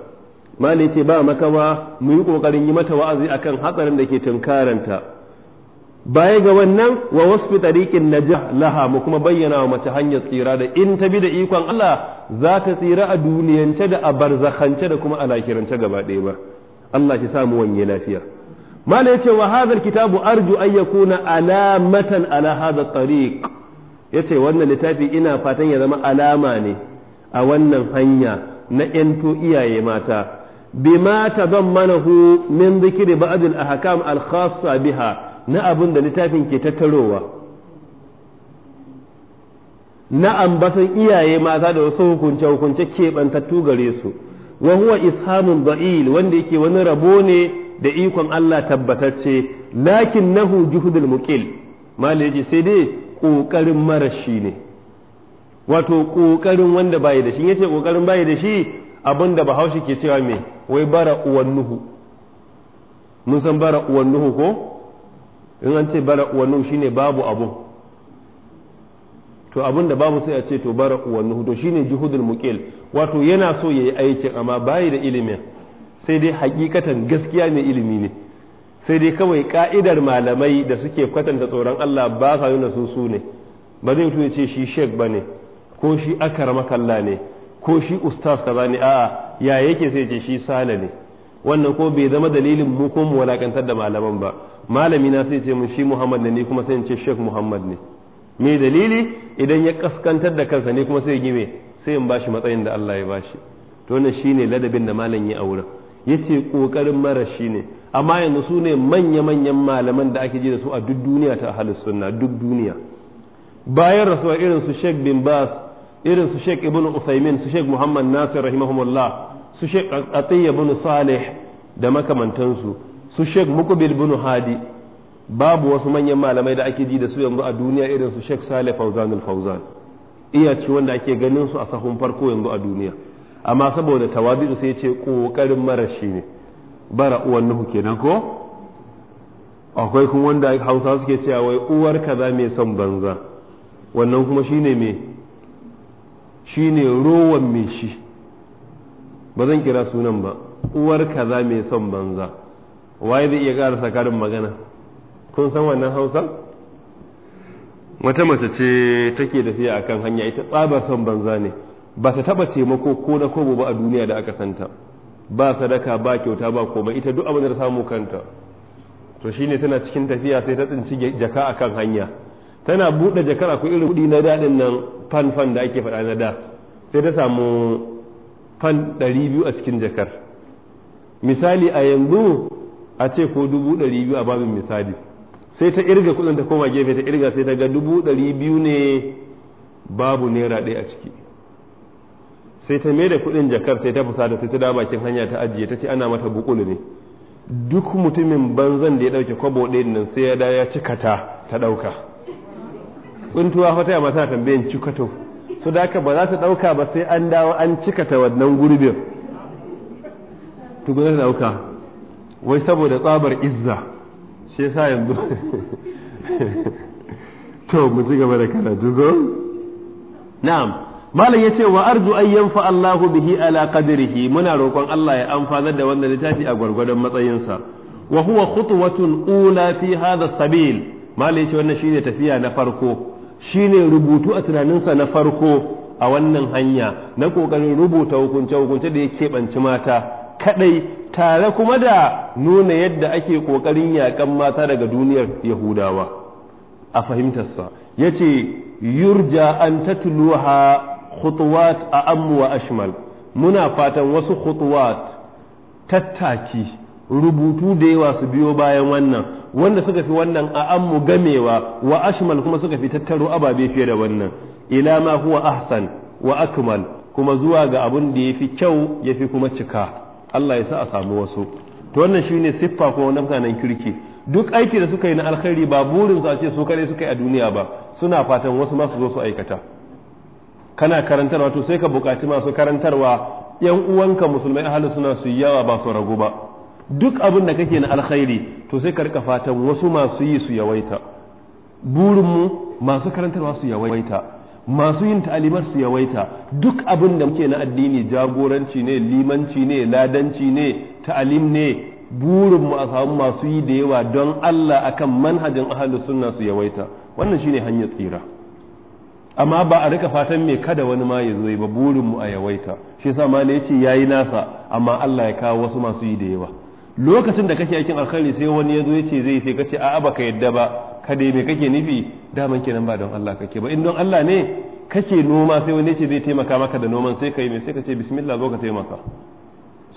malai ce ba makawa mu yi kokarin yi mata wa'azi akan hatsarin da ke tunkaranta baya ga wannan wa wasfi tariqin najah laha mu kuma bayyana wa mace hanyar tsira da in ta bi da ikon Allah za ta tsira a duniyance da a barzakhance da kuma a lahirance gaba ɗaya ba Allah ki samu wani lafiya mala yace wa hadha kitabu arju an yakuna alamatan ala hadha tariq yace wannan littafi ina fatan ya zama alama ne a wannan hanya na yanto iyaye mata bima tadammanahu min dhikri ba'd al ahkam al khassa biha na abin da littafin ke tattarowa na ambaton iyaye mata da wasu hukunce hukunce keɓantattu gare su wa huwa ishamun ba'il wanda yake wani rabo ne da ikon Allah tabbatacce lakin nahu juhudul muqil yace sai dai kokarin marashi ne wato kokarin wanda bai da shi yace kokarin bai da shi abinda bahaushe ke cewa me wai bara uwan nuhu mun san bara uwan nuhu ko in an ce bara uwan nuhu shine babu abu to abin da babu sai a ce to bara uwan nuhu to shine juhudul muqil wato yana so yayi aikin amma bai da ilimin sai dai hakikatan gaskiya mai ilimi ne sai dai kawai ka'idar malamai da suke kwatanta tsoron Allah ba sa nuna su su ne ba zai mutum ce shi shek ba ne ko shi akar makalla ne ko shi ustaz kaza ne a'a ya yake sai ce shi sala ne wannan ko bai zama dalilin mu ko mu walakantar da malaman ba malami na sai ce mun shi Muhammad ne kuma sai ce shek Muhammad ne me dalili idan ya kaskantar da kansa ne kuma sai ya gime sai in bashi matsayin da Allah ya bashi to wannan shine ladabin da malam ya a wurin yace kokarin mara shi ne amma yanzu su ne manya-manyan malaman da ake ji da su a duk duniya ta ahlus sunna duk duniya bayan rasuwa irin su Sheikh bin Bas irin su Sheikh Ibn usaymin su Sheikh Muhammad Nasir rahimahumullah su Sheikh Atiyya ibn Salih da makamantansu su Sheikh Muqbil ibn Hadi babu wasu manyan malamai da ake ji da su yanzu a duniya irin su Sheikh Saleh Fauzan al-Fauzan iya ci wanda ake ganin su a sahun farko yanzu a duniya amma saboda tawabi'u sai ce kokarin mara shi ne bara uwan nuhu kenan ko akwai kuma wanda hausa suke cewa wai uwar kaza mai son banza wannan kuma shine me shine rowan mai shi ba zan kira sunan ba uwar kaza mai son banza waye zai iya ƙara karin magana kun san wannan hausa wata mace ce take a akan hanya ita tsabar son banza ne ba ta taba taimako ko na kobo ba a duniya da aka santa ba sadaka ba kyauta ba koma ita duk abin da ta samu kanta to shine tana cikin tafiya sai ta tsinci jaka akan hanya tana buɗe jakar akwai irin kuɗi na daɗin nan fan fan da ake faɗa na da sai ta samu fan ɗari biyu a cikin jakar misali a yanzu a ce ko dubu ɗari biyu a babin misali sai ta irga kuɗin ta koma gefe ta irga sai ta ga dubu ɗari biyu ne babu naira ɗaya a ciki sai ta mai da kuɗin jakar sai ta fusa da sai ta dama kin hanya ta ajiye ta ce ana mata bukulu ne duk mutumin banzan da ya ɗauke kwabo ɗin nan sai ya da ya cika ta ta dauka tsuntuwa fata ya mata tambayin cikato su da haka ba za ta ɗauka ba sai an dawo an cika ta wannan gurbin tukuna ta ɗauka wai saboda tsabar izza shi yasa yanzu [LAUGHS] to mu ci gaba da karatu zo na'am malam ya ce wa arzu an yanfa Allahu bihi ala qadrihi muna roƙon Allah ya amfanar da wannan littafi a gwargwadon matsayinsa wa huwa khutwatun ula fi hadha sabil malam ya ce wannan shine tafiya na farko shine rubutu a tunaninsa na farko a wannan hanya na kokarin rubuta hukunce hukunce da ya keɓanci mata kaɗai tare kuma da nuna yadda ake kokarin yaƙan mata daga duniyar yahudawa a fahimtarsa ya ce yurja an tatluha khutuwat a وأشمل wa ashmal muna fatan wasu khutuwat rubutu da yawa su biyo bayan wannan wanda suka fi wannan a mu gamewa wa ashmal kuma suka fi tattaro ababe fiye da wannan ila ma huwa ahsan wa akmal kuma zuwa ga abin da yafi kyau yafi kuma cika Allah ya sa a samu wasu to wannan shine siffa ko na mutanen kirki duk aiki da suka yi na alkhairi ba burin su a ce su kare suka yi a duniya ba suna fatan wasu ma su zo su aikata kana karantarwa to sai ka bukaci masu karantarwa yan uwanka musulmai ahalus suna su yawa ba su ragu ba duk abin da kake na alkhairi to sai ka rika fatan wasu masu yi su yawaita burinmu masu karantarwa su yawaita masu yin talibar su yawaita duk abin da muke na addini jagoranci ne limanci ne ladanci ne ta'alim ne burinmu a samu masu yi da yawa don Allah akan manhajin ahalus sunna su yawaita wannan shine hanyar tsira amma ba a rika fatan mai kada wani ma ya zo ba burin mu a yawaita shi yasa ma ne yace yayi nasa amma Allah ya kawo wasu masu yi da yawa lokacin da kake aikin alkhairi sai wani ya zo yace zai sai kace a'a baka yadda ba kada me kake nufi daman kenan ba don Allah kake ba in don Allah ne kake noma sai wani yace zai taimaka maka da noman sai kai me sai kace bismillah zo ka taimaka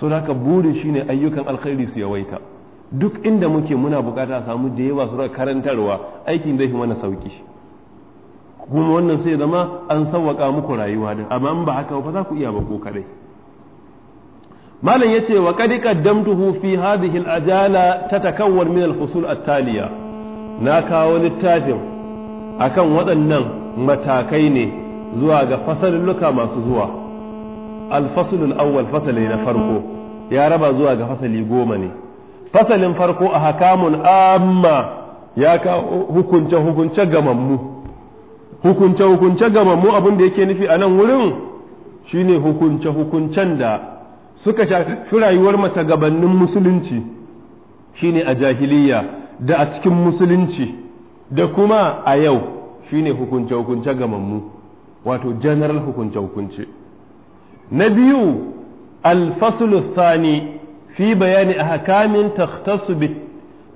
so ka burin shine ayyukan alkhairi su yawaita duk inda muke muna bukata samu da yawa su karantarwa aikin zai fi mana sauki kuma wannan sai zama an sawaka muku rayuwa din amma in ba haka ba za ku iya ba ko kadai malam yace wa qad qaddamtuhu fi hadhihi al-ajala tatakawwan min al-fusul at-taliya na kawo littafin akan waɗannan matakai ne zuwa ga luka masu zuwa al-fasl fasali na farko ya raba zuwa ga fasali goma ne fasalin farko a hakamun amma ya kawo hukunce hukunce mammu. hukunce hukunce mu abin da yake nufi a nan wurin shine hukunce hukuncen da suka shafi rayuwar mace gabanin musulunci shine a jahiliya da a cikin musulunci da kuma a yau shine hukunce hukunce mu wato general hukunce hukunce na biyu alfasulustani sani fi bayani a hakamin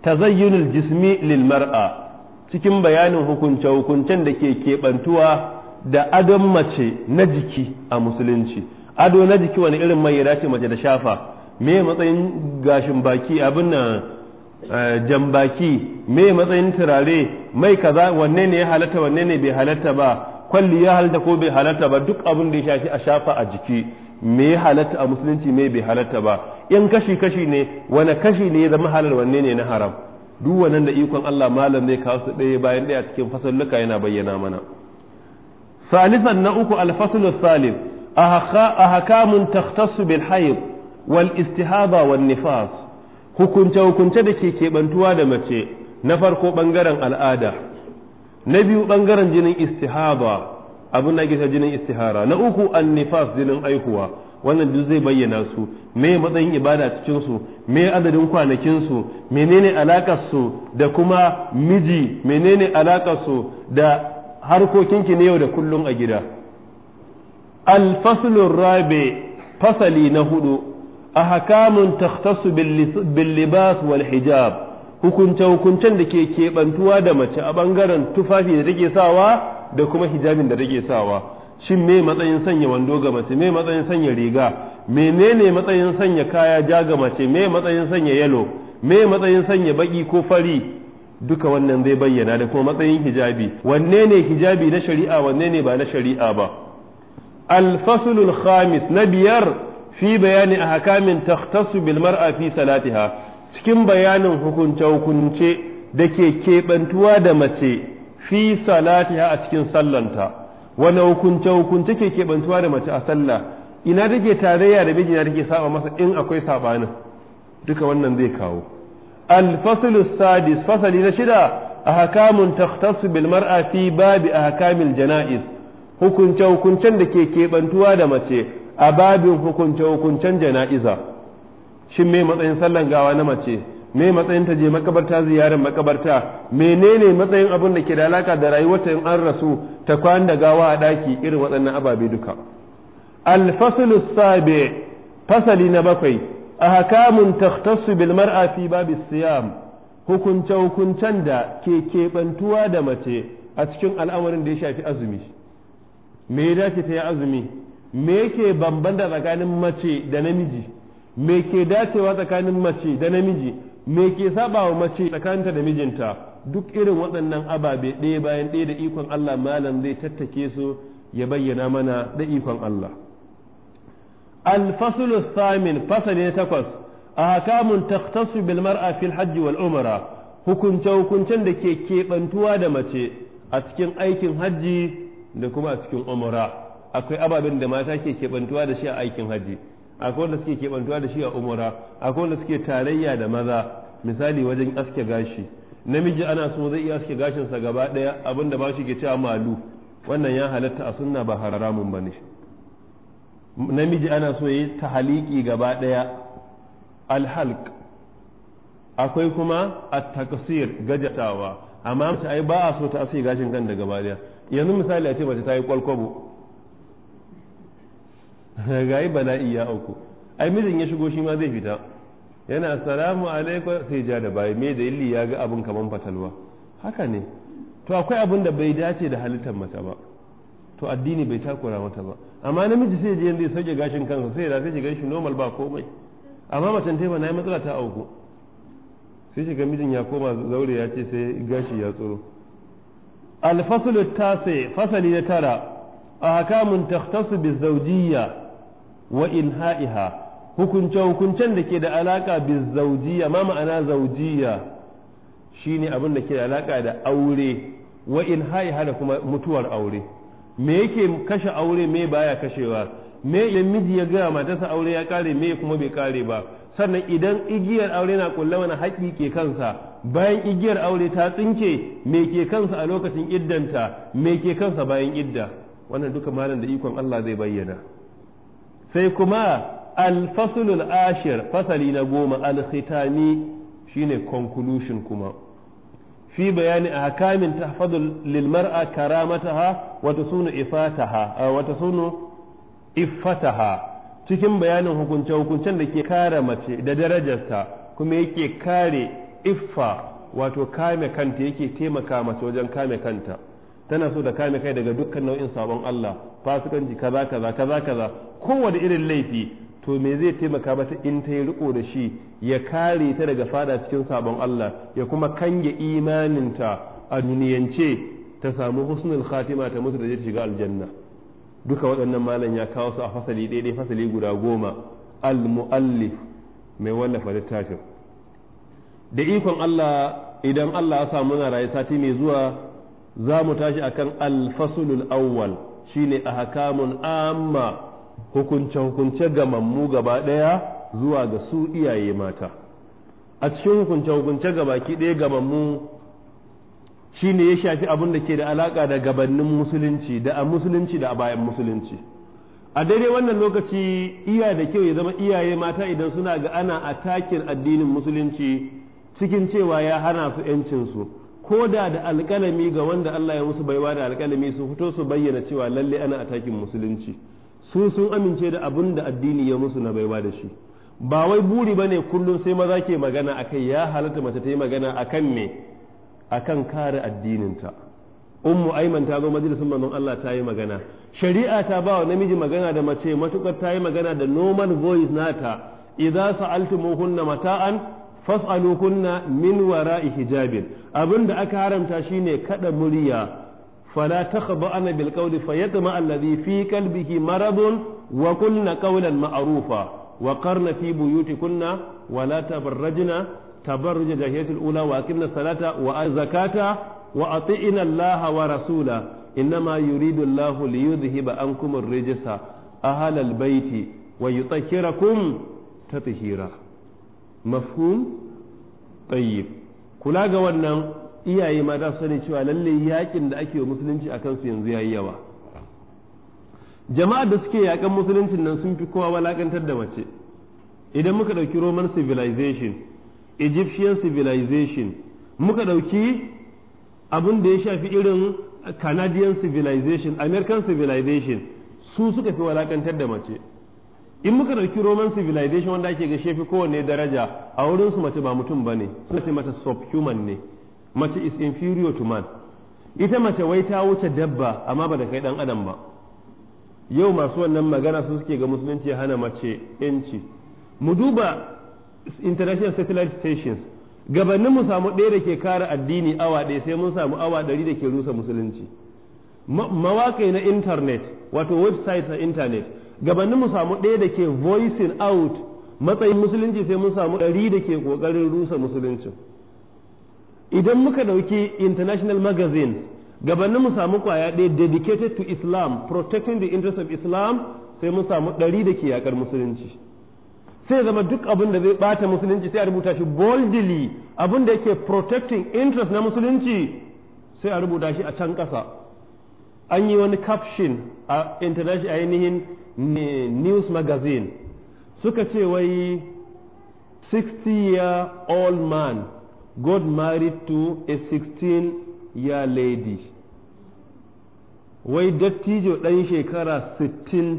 ta zayyunar jismi lil mar'a cikin bayanin hukunce-hukuncen da ke keɓantuwa da adon mace na jiki a musulunci ado na jiki wani irin mai ya dace mace da shafa me matsayin gashin baki abin nan eh, jan baki me matsayin turare mai kaza wanne ne ya halatta wanne ne bai halatta ba kwalli ya halatta ko bai halatta ba duk abin da ya shafi a shafa a jiki me ya halatta a musulunci me bai halatta ba in kashi kashi ne wani kashi ne ya zama halal wanne ne na haram duk wannan da ikon Allah malam zai kawo su ɗaya bayan ɗaya cikin fasalluka yana bayyana mana salisan na uku alfaslu salim ahkamun takhtassu bil hayd wal istihaba wan nifas hukunce hukunce da ke bantuwa da mace na farko bangaren al'ada na biyu bangaren jinin istihaba abin da ke jinin istihara na uku an nifas jinin aihuwa wannan duk zai bayyana su me matsayin ibada cikin su me adadin kwanakin su menene alakar su da kuma miji menene alakar su da harkokin ki ne yau da kullum a gida al rabe rabi fasali na hudu ahkamun takhtassu bil libas wal hijab hukunce hukuncen da ke keɓantuwa da mace a ɓangaren tufafi da take sawa da kuma hijabin da take sawa shin me matsayin sanya wando ga mace me matsayin sanya riga menene matsayin sanya kaya ja ga mace me matsayin sanya yalo me matsayin sanya baki ko fari duka wannan zai bayyana da kuma matsayin hijabi wanne ne hijabi na shari'a wanne ne ba na shari'a ba al-faslul khamis na biyar fi bayani ahkamin takhtassu bil mar'a fi salatiha cikin bayanin hukunce hukunce da ke keɓantuwa da mace fi salatiha a cikin sallanta wani hukunce hukunce ke keɓantuwa da mace a sallah ina take tarayya da na take saba masa in akwai sabanin duka wannan zai kawo al-fasl sadis fasali na shida ahkamun hakamin bil mar'a fi babi ahkamil janaiz hukunce hukuncen da ke keɓantuwa da mace a babin hukunce hukuncen jana'iza shin me matsayin sallan gawa na mace me matsayin ta je makabarta ziyarar makabarta menene matsayin abun da ke da alaka da ta in an rasu ta kwan da gawa a daki irin waɗannan ababe duka alfaslu sabi fasali na bakwai ahkamun takhtassu bil mar'a fi babi siyam hukunce hukuncen da ke kebantuwa da mace a cikin al'amarin da ya shafi azumi me ya dace ta yi azumi me yake bambanta tsakanin mace da namiji me ke dacewa tsakanin mace da namiji me ke saba wa mace tsakanta da mijinta duk irin waɗannan ababe ɗaya bayan ɗaya da ikon Allah malam zai tattake su ya bayyana mana da ikon Allah الفصل fasale فصل تقص أحكام تختص بالمرأة في الحج والعمرة hukunce hukuncen da ke keɓantuwa da mace a cikin aikin hajji da kuma a cikin umra akwai ababen da mata ke keɓantuwa da shi a aikin hajji akwai wanda suke kebantuwa da shi a umura akwai wanda suke tarayya da maza misali wajen aske gashi namiji ana so zai iya aske gashinsa gaba daya abinda ba shi ke cewa malu wannan ya halatta a sunna ba hararamun ba ne namiji ana so yi ta haliki gaba daya alhalq akwai kuma at-taqsir gajatawa amma mace ai ba a so ta aske gashin kan da gaba daya yanzu misali a ce mace ta yi kwalkwabo [LAUGHS] Ga yi bala'i ya auku ai mijin ya shigo shi ma zai fita yana assalamu alaikum sai ja da baya me da illi ya ga abin kaman fatalwa haka ne to akwai abin da bai dace da halittar mace ba to addini bai takura mata ba amma namiji sai je zai sauke gashin kansa sai da sai shiga shi normal ba komai amma macen taiba na yi matsala ta auku sai shiga mijin ya koma zaure ya ce sai gashi ya tsoro alfasulu tasi fasali na tara A ahkamun takhtasu bizawjiyya wa inha'iha hukunce hukuncen da ke da alaka bi zaujiya ma ma'ana zaujiya shine abin da ke da alaka da aure wa inha'iha da kuma mutuwar aure me yake kashe aure me baya kashewa me idan miji ya gaya matarsa aure ya kare me kuma bai kare ba sannan idan igiyar aure na kulla wani haƙi ke kansa bayan igiyar aure ta tsinke me ke kansa a lokacin iddanta me ke kansa bayan idda wannan duka malam da ikon Allah zai bayyana sai kuma alfasulul ashir fasali na goma alkhitami shine conclusion kuma fi bayani a hakamin tahfadul lil mar'a karamataha wa tasunu ifataha wa tasunu iffataha cikin bayanin hukunce hukuncen da ke kare mace da darajarta kuma yake kare iffa wato kame kanta yake taimaka mace wajen kame kanta tana so da kame kai daga dukkan nau'in sabon Allah fasikanci kaza kaza kaza kaza kowane irin laifi to me zai taimaka mata in ta yi riko da shi ya kare ta daga fada cikin sabon Allah ya kuma kange imaninta a duniyance ta samu husnul khatima ta mutu da zai shiga aljanna duka waɗannan malam ya kawo su a fasali ɗaya fasali guda goma al muallif mai wallafa littafin da ikon Allah idan Allah ya samu na rayu sati mai zuwa za mu tashi akan al fasulul awwal shine ahkamun amma hukunce hukunce ga mammu gaba ɗaya zuwa ga su iyaye mata a cikin hukunce hukunce gabaki daya mammu shine ya shafi abin da ke da alaka da gabanin musulunci da a musulunci da a bayan musulunci a daidai wannan lokaci iya da kyau ya zama iyaye mata idan suna ga ana a takin addinin musulunci cikin cewa ya hana su 'yancinsu koda da alƙalami ga wanda Allah ya musu baiwa da alƙalami su fito su bayyana cewa lalle ana atakin musulunci su sun amince da abin da addini ya musu na baiwa da shi ba wai buri bane kullum sai maza ke magana akai ya halatta mace ta yi magana akan me akan kare addininta ummu aiman ta zo majalisin manzon Allah ta yi magana shari'a ta ba wa namiji magana da mace matukar ta yi magana da normal voice nata idza sa'altumuhunna mata'an fas'alu kunna min wara'i hijabin da aka haramta shine kaɗa murya fala takhda'na bil qawli fayatma alladhi fi qalbihi maradun wa kunna qawlan ma'rufa wa qarna fi buyutikunna wa la tabarrajna tabarruj jahilatil ula wa aqimna salata wa zakata wa ati'na allaha wa rasula innama yuridu allahu liyudhhiba ankum ar-rijsa ahlal baiti kum yutahhirakum tatheera mafhum tayyib kula ga wannan iyaye ma za su sani cewa lalle yakin da ake wa musulunci a kansu yanzu yayi yawa jama'ar da suke yakan musuluncin nan sun fi kowa walakantar da mace idan muka ɗauki roman civilization egyptian civilization muka ɗauki abin da ya shafi irin canadian civilization american civilization su suka fi walakantar da mace in muka ɗauki roman civilization wanda ake ga shefi kowanne daraja a wurinsu mace ba mutum ba ne suna ce mata subhuman ne mace is inferior to man ita mace wai ta wuce dabba amma ba da kai dan adam ba yau masu wannan magana su suke ga musulunci ya hana mace yanci mu duba international satellite stations gabanin mu samu ɗaya da ke kare addini awa ɗaya sai mun samu awa ɗari da ke rusa musulunci mawaƙai na internet wato website na internet gabanin mu samu ɗaya da ke voicing out matsayin musulunci sai mun samu ɗari da ke ƙoƙarin rusa musulunci idan muka ɗauki international magazine gabanin mu samu kwaya ɗaya dedicated to islam protecting the interest of islam sai mun samu ɗari da ke yaƙar musulunci sai zama duk abin da zai ɓata musulunci sai a rubuta shi boldly abin da yake protecting interest na musulunci sai a rubuta shi a can ƙasa an yi wani caption a international ainihin news magazine suka ce wai 60 year old man got married to a 16 year lady wai dattijo ɗan shekara 60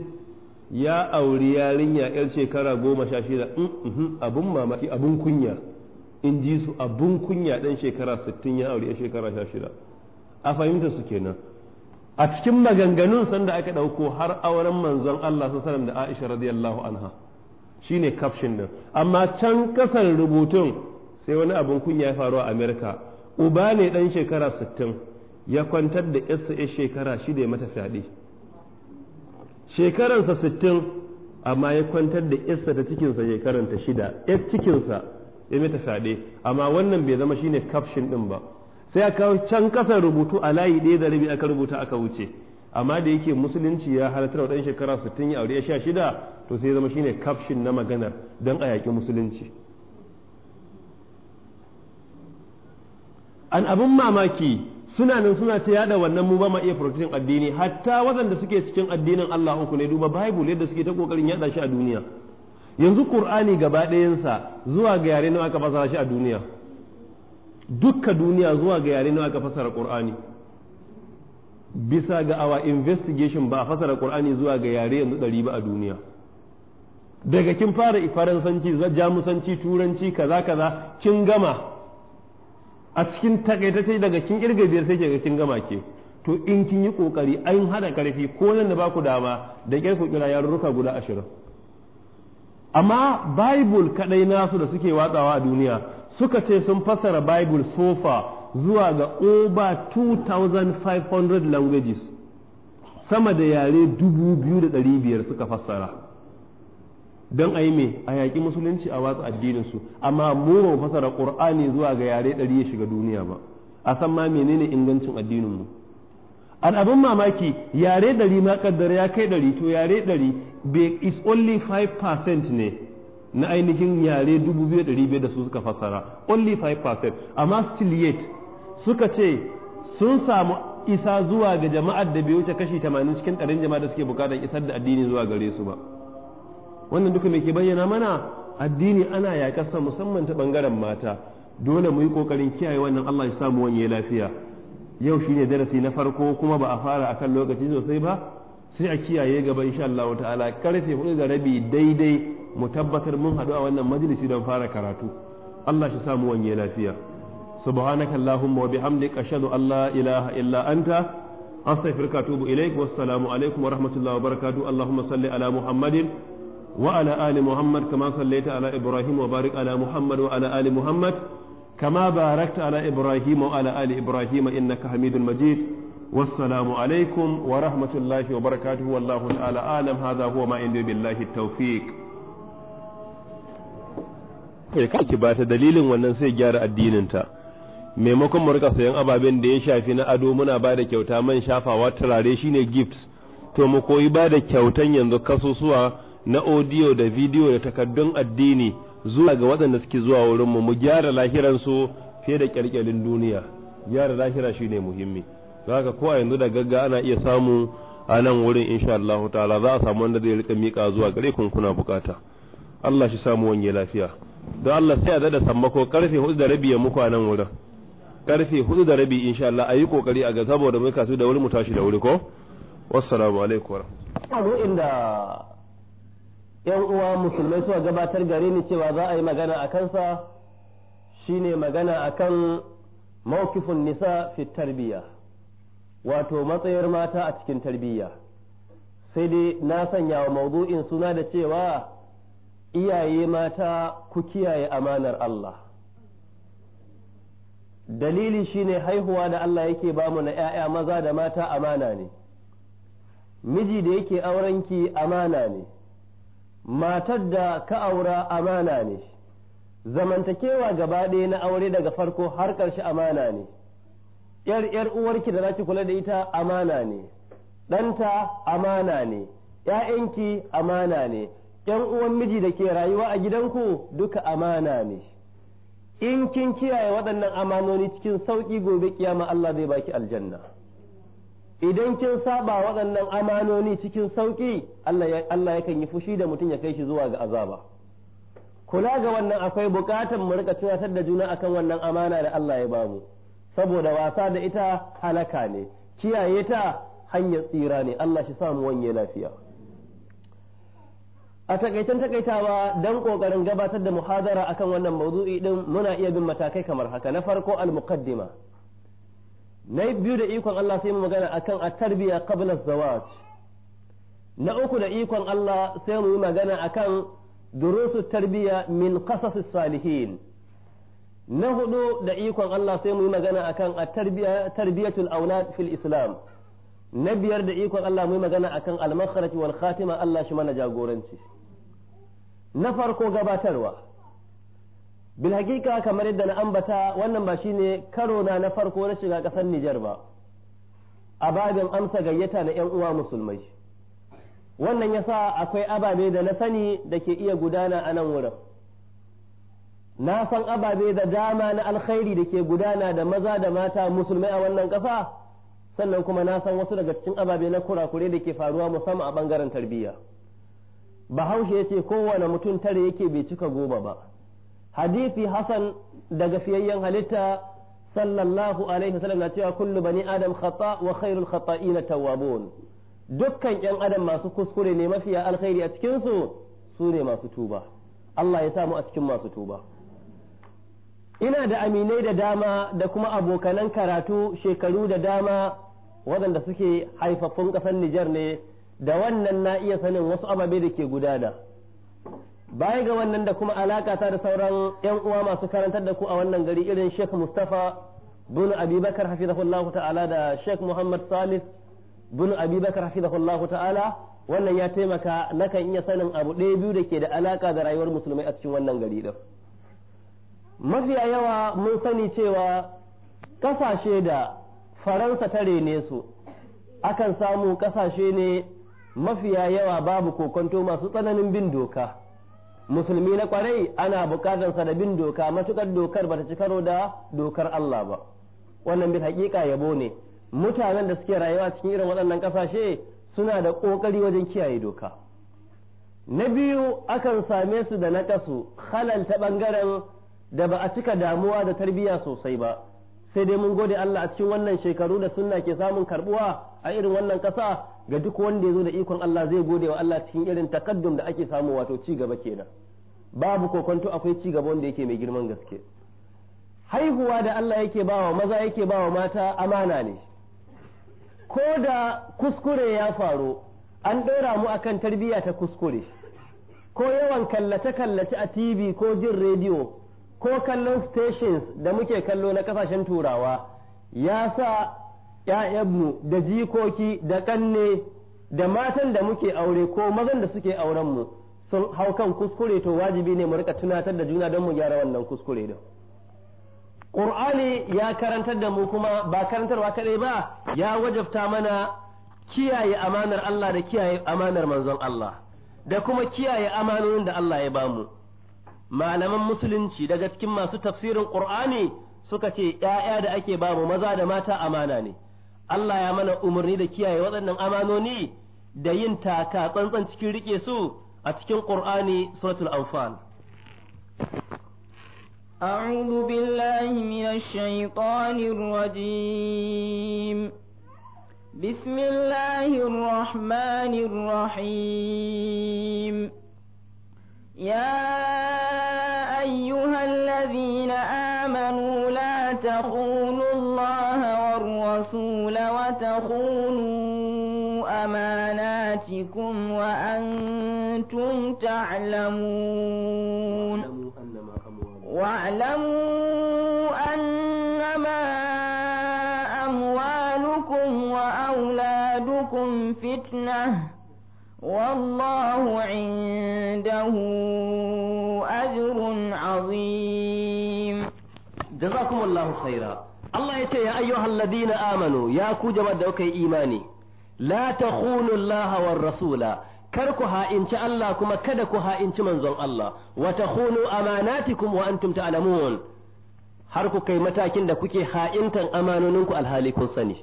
ya auri yarinya 'yar shekara goma sha shida mm, mm-hmm, abun mamaki abun kunya in ji su abun kunya ɗan shekara 60 ya auri 'yar shekara sha shida a fahimta su kenan a cikin maganganun sanda aka ɗauko har auren manzon Allah su sanar da Aisha radiyallahu anha shine caption din amma can ƙasar rubutun sai wani abin kunya ya faru a Amerika uba ne ɗan shekara 60 ya kwantar da yarsa ya shekara shida ya mata fyaɗe shekaransa 60 amma ya kwantar da yarsa ta cikinsa shekaranta shida yar cikinsa ya mata fyaɗe amma wannan bai zama shine caption din ba sai aka can kasar rubutu a layi ɗaya da rabi aka rubuta aka wuce amma da yake musulunci ya halatar wa shekara sittin ya aure sha shida to sai zama shine kafshin na maganar don a yaƙi musulunci an abin mamaki suna nan suna ta yada wannan mu ba ma iya protection addini hatta waɗanda suke cikin addinin Allah uku ne duba bible yadda suke ta kokarin yada shi a duniya yanzu qur'ani gaba ɗayansa zuwa ga yare nawa aka fasara shi a duniya dukka duniya zuwa ga yare nawa aka fasara qur'ani bisa ga awa investigation ba a fasara qur'ani zuwa ga yare yanzu ɗari ba a duniya daga kin fara faransanci jamusanci turanci kaza kaza kin gama a cikin takaitacce daga kin kirga biyar sai ga kin gama ke to in kin yi kokari an hada karfi ko nan da baku dama da kyar kira yarurruka guda ashirin amma bible kadai nasu da suke watsawa a duniya suka ce sun fasara bible so far zuwa ga over 2500 languages sama da yare 2500 suka fassara don a yi mai a yaƙi musulunci a watsa addininsu amma mu ba fasara ƙur'ani zuwa ga yare 100 ya shiga duniya ba a san ma menene ingancin addininmu an abin mamaki yare 100 ma kaddara ya kai 100 to yare 100 is only 5% ne na ainihin yare 2,500 da su suka fassara only 5% amma still yet suka ce sun samu isa zuwa ga jama'ar da bai wuce kashi 80 cikin ɗarin jama'a da suke bukatar isar da addini zuwa gare su ba wannan duka mai ke bayyana mana addini ana yakarsa musamman ta ɓangaren mata dole mu yi kokarin kiyaye wannan Allah ya samu wani lafiya yau shine darasi na farko kuma ba a fara akan lokaci sosai ba sai a kiyaye gaba insha Allah ta'ala karfe 4 da rabi daidai mu tabbatar mun haɗu a wannan majalisi don fara karatu Allah shi samu wanye lafiya subhanaka allahumma wa bihamdika ashhadu an la ilaha illa anta astaghfiruka wa atubu ilaik wassalamu alaikum wa rahmatullahi wa barakatuh allahumma salli ala muhammadin wa ala ali muhammad kama sallaita ala ibrahim wa barik ala muhammad wa ala ali muhammad كما باركت على إبراهيم وعلى آل إبراهيم إنك حميد مجيد والسلام عليكم ورحمة الله وبركاته والله تعالى أعلم هذا هو ما عندي بالله التوفيق ya kake ba ta dalilin wannan sai gyara addinin ta maimakon mu rika sayan ababen da ya shafi na ado muna ba da kyauta man shafawa turare shine gifts to mu koyi ba da kyautan yanzu kasusuwa na audio da video da takardun addini zuwa ga waɗanda suke zuwa wurin mu mu gyara su fiye da kyalkyalin duniya gyara lahira shine muhimmi zaka ko a yanzu da gagga ana iya samu a nan wurin insha Allah ta'ala za a samu wanda zai rika mika zuwa gare kun kuna bukata Allah shi samu wange lafiya don Allah sai a da sammako karfe hudu da rabi ya muku a nan wurin karfe hudu da rabi insha Allah a yi kokari a ga saboda mai kasu da wuri mu tashi da wuri ko wassalamu alaikum wa inda yan uwa musulmai suka gabatar gare ni cewa za a yi magana a kansa shine magana akan mawkifin nisa fi tarbiyya wato matsayar mata a cikin tarbiyya sai dai na sanya wa mawdu'in suna da cewa iyaye mata ku kiyaye amanar Allah dalili shine haihuwa da Allah yake bamu na 'ya'ya maza da mata amana ne miji da yake aurenki amana ne matar da ka aura amana ne zamantakewa gaba ɗaya na aure daga farko har ƙarshe amana ne ‘yar ‘yar uwarki da zaki kula da ita amana ne ɗanta amana ne ‘ya'yanki amana ne ‘yan uwan miji da ke rayuwa a gidanku duka amana ne, in kin kiyaye waɗannan amanoni cikin sauƙi gobe kiyama Allah zai baki aljanna. Idan kin saba waɗannan amanoni cikin sauƙi Allah yakan yi fushi da mutum ya kai shi zuwa ga azaba. Kula ga wannan akwai buƙatar mu rika tunatar da juna akan wannan amana da Allah ya bamu, saboda wasa da ita halaka ne, kiyaye ta hanyar tsira ne, Allah shi samu wanye lafiya. a takaitan takaitawa dan kokarin gabatar da muhadara akan wannan mawdu'i din muna iya bin matakai kamar haka na farko al-muqaddima na biyu da ikon Allah sai mu magana akan at-tarbiya qabla az-zawaj na uku da ikon Allah sai mu yi magana akan durusu tarbiya min qasas salihin na hudu da ikon Allah sai mu yi magana akan at-tarbiya tarbiyatul awlad fil islam na biyar da ikon Allah mai magana akan al-makhraj wal khatima Allah shi mana jagoranci na farko gabatarwa bil hakika kamar yadda na ambata wannan ba shine karo na na farko na shiga kasar Nijar ba a babin amsa gayyata na yan uwa musulmai wannan yasa akwai ababe da na sani da ke iya gudana a nan wurin na san ababe da dama na alkhairi da ke gudana da maza da mata musulmai a wannan ƙasa sannan kuma na san wasu daga cikin ababe na kurakure da ke faruwa musamman a bangaren tarbiyya bahaushe ya ce kowane mutum tare yake bai cika goma ba hadisi hasan daga fiyayyen halitta sallallahu alaihi wasallam na cewa kullu bani adam khata wa khairul khata'ina tawwabun dukkan yan adam masu kuskure ne mafiya alkhairi a cikin su su ne masu tuba Allah ya samu a cikin masu tuba ina da aminai da dama da kuma abokanan karatu shekaru da dama waɗanda suke haifaffun ƙasar Nijar ne da wannan na iya sanin wasu ababe da ke gudana baya ga wannan da kuma alaƙa ta da sauran 'yan uwa masu karantar da ku a wannan gari irin Sheikh Mustafa bin Abubakar hafizahullahu ta'ala da Sheikh Muhammad Salis bin Abubakar hafizahullahu ta'ala wannan ya taimaka nakan iya sanin abu ɗaya biyu da ke da alaƙa da rayuwar musulmai a cikin wannan gari ɗin. mafiya yawa mun sani cewa kasashe da faransa ta rene su akan samu kasashe ne mafiya yawa babu kokonto masu tsananin bin doka musulmi na kwarai ana bukatarsa da bin doka matukar dokar bata ci karo da dokar Allah ba wannan bin hakika yabo ne mutanen da suke rayuwa cikin irin waɗannan kasashe suna da kokari wajen kiyaye doka na biyu akan same su da nakasu halal ta bangaren da ba a cika damuwa da tarbiyya sosai ba sai dai mun gode Allah a cikin wannan shekaru da sunna ke samun karbuwa a irin wannan ƙasa ga duk wanda ya zo da ikon Allah zai gode wa Allah cikin irin takaddum da ake samu wato ci gaba kenan babu kokonto akwai ci gaba wanda yake mai girman gaske haihuwa da Allah yake bawa maza yake bawa mata amana ne ko da kuskure ya faru an ɗora mu akan tarbiyya ta kuskure ko yawan kallace-kallace a tv ko jin rediyo ko kallon stations da muke kallo na kasashen turawa ya sa ‘ya'yanmu da jikoki da ƙanne da matan da muke aure ko mazan da suke aurenmu sun hau kan kuskure to wajibi ne mu rika tunatar da juna don mu gyara wannan kuskure da Ƙur'ani ya karantar da mu kuma ba karantarwa kaɗai ba ya wajabta mana kiyaye amanar Allah da kiyaye amanar manzon Allah da kuma kiyaye amanonin da Allah ya bamu. malaman musulunci daga cikin masu tafsirin qur'ani suka ce ‘ya'ya da ake ba mu maza da mata amana ne Allah ya mana umarni da kiyaye waɗannan amanoni da yin taka tsantsan cikin rike su a cikin qur'ani suratul anfal أعوذ بالله من الشيطان الرجيم بسم الله الرحمن الرحيم يا أيها الذين آمنوا لا تخونوا الله والرسول وتخونوا أماناتكم وأنتم تعلمون واعلموا أنما أموالكم وأولادكم فتنة والله عنده أجر عظيم allah الله خيرا الله يتي يا أيها الذين آمنوا يا كوجب دوكي إيماني لا تخونوا الله والرسول kar ku ha'inci Allah kuma kada ku ha'inci manzon Allah wata takhunu amanatikum wa antum ta'lamun har ku kai matakin da kuke ha'intan amanoninku alhali kun sani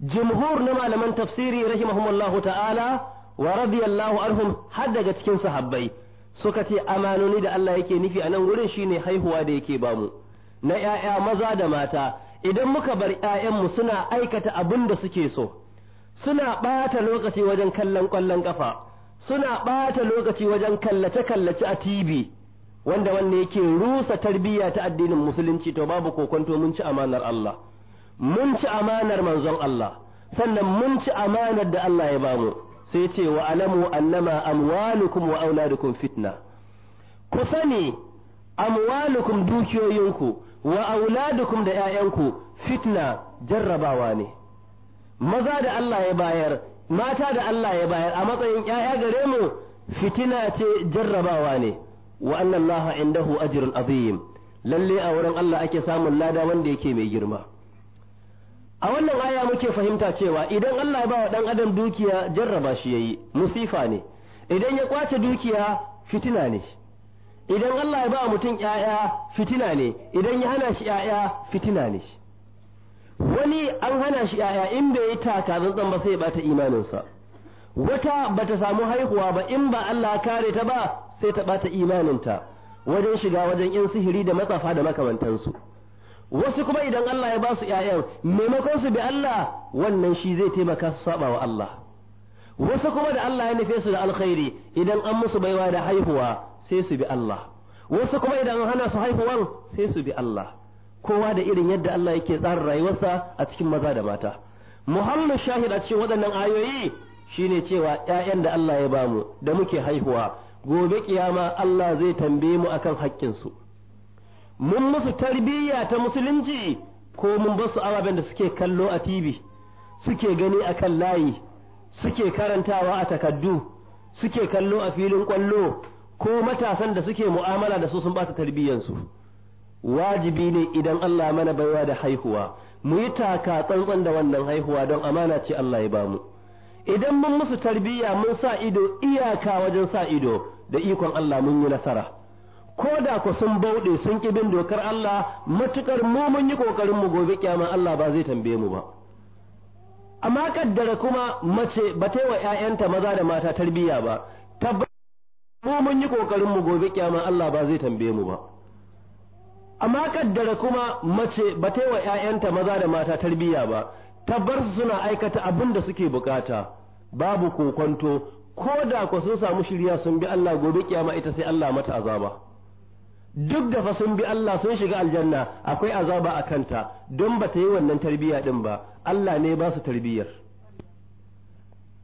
jumhur na malaman tafsiri rahimahumullahu ta'ala wa radiyallahu anhum har daga cikin sahabbai suka ce amanoni da Allah yake nufi a nan gurin shine haihuwa da yake bamu na yaya maza da mata idan muka bar ƴaƴanmu suna aikata abin da suke so suna ɓata lokaci wajen kallon ƙwallon kafa suna ɓata lokaci wajen kallace-kallace a TV wanda wanne yake rusa tarbiyya ta addinin musulunci to babu kokonto mun ci amanar Allah mun ci amanar manzon Allah sannan mun ci amanar da Allah ya bamu sai ce wa alamu annama amwalukum wa auladukum fitna ku sani amwalukum dukiyoyinku wa auladukum da ƴaƴanku fitna jarrabawa ne maza da Allah ya bayar mata da Allah ya bayar a matsayin ƴaƴa gare mu fitina ce jarrabawa ne wa anna Allah indahu ajrun azim lalle a wurin Allah ake samun lada wanda yake mai girma a wannan aya muke fahimta cewa idan Allah ya ba wa dan adam dukiya jarraba shi yayi musifa ne idan ya kwace dukiya fitina ne idan Allah ya ba mutum ƴaƴa fitina ne idan ya hana shi ƴaƴa fitina ne wani an hana shi ƴaƴa in bai yi taka zan ba sai ya bata imaninsa wata bata samu haihuwa ba in ba Allah kare ta ba sai ta bata imaninta wajen shiga wajen yan sihiri da matsafa da makamantansu wasu kuma idan Allah ya ba su yayan maimakon su bi Allah wannan shi zai taimaka su saba wa Allah wasu kuma da Allah ya nufe su da alkhairi idan an musu baiwa da haihuwa sai su bi Allah wasu kuma idan hana su haihuwan sai su bi Allah kowa da irin yadda Allah yake tsara rayuwarsa a cikin maza da mata muhammad shahid a cikin waɗannan ayoyi shine cewa yayan da Allah ya bamu da muke haihuwa gobe ƙiyama Allah zai tambaye mu akan haƙƙinsu su mun musu tarbiyya ta musulunci ko mun basu ababen da suke kallo a TV suke gani a kan layi suke karantawa a takaddu suke kallo a filin kwallo ko matasan da suke mu'amala da su sun bata tarbiyyansu wajibi ne idan Allah mana baiwa da haihuwa mu yi taka tsantsan da wannan haihuwa don amana ce Allah ya bamu idan mun musu tarbiyya mun sa ido iyaka wajen sa ido da ikon Allah mun yi nasara ko da ku sun bauɗe sun ƙi bin dokar Allah matuƙar mu mun yi ƙoƙarin mu gobe kyama Allah ba zai tambaye mu ba amma kaddara kuma mace ba ta wa 'ya'yanta maza da mata tarbiyya ba tabbata mu mun yi ƙoƙarin mu gobe kyama Allah ba zai tambaye mu ba amma kaddara kuma mace ba ta wa 'ya'yanta maza da mata tarbiyya ba tabbar suna aikata abin da suke bukata babu kokonto ko da ku sun samu shirya sun bi Allah gobe kyama ita sai Allah mata azaba duk da fa sun bi Allah sun shiga aljanna akwai azaba a kanta don ba ta yi wannan tarbiyya din ba Allah ne ba su tarbiyyar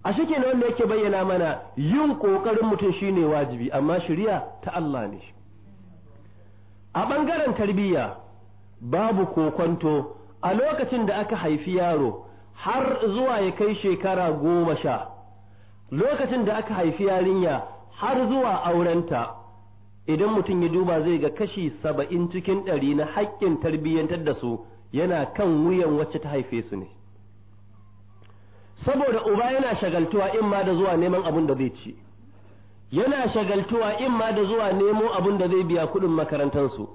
a shike ne wanda yake bayyana mana yin kokarin mutum shine wajibi amma shari'a ta Allah ne a bangaren tarbiyya babu kokonto a lokacin da aka haifi yaro har zuwa ya kai shekara goma sha lokacin da aka haifi yarinya har zuwa aurenta idan mutum ya duba zai ga kashi saba'in cikin ɗari na haƙƙin tarbiyyantar da su yana kan wuyan wacce ta haife su ne saboda uba yana shagaltuwa in ma da zuwa neman abin da zai ci yana shagaltuwa in ma da zuwa nemo abin da zai biya kuɗin makarantarsu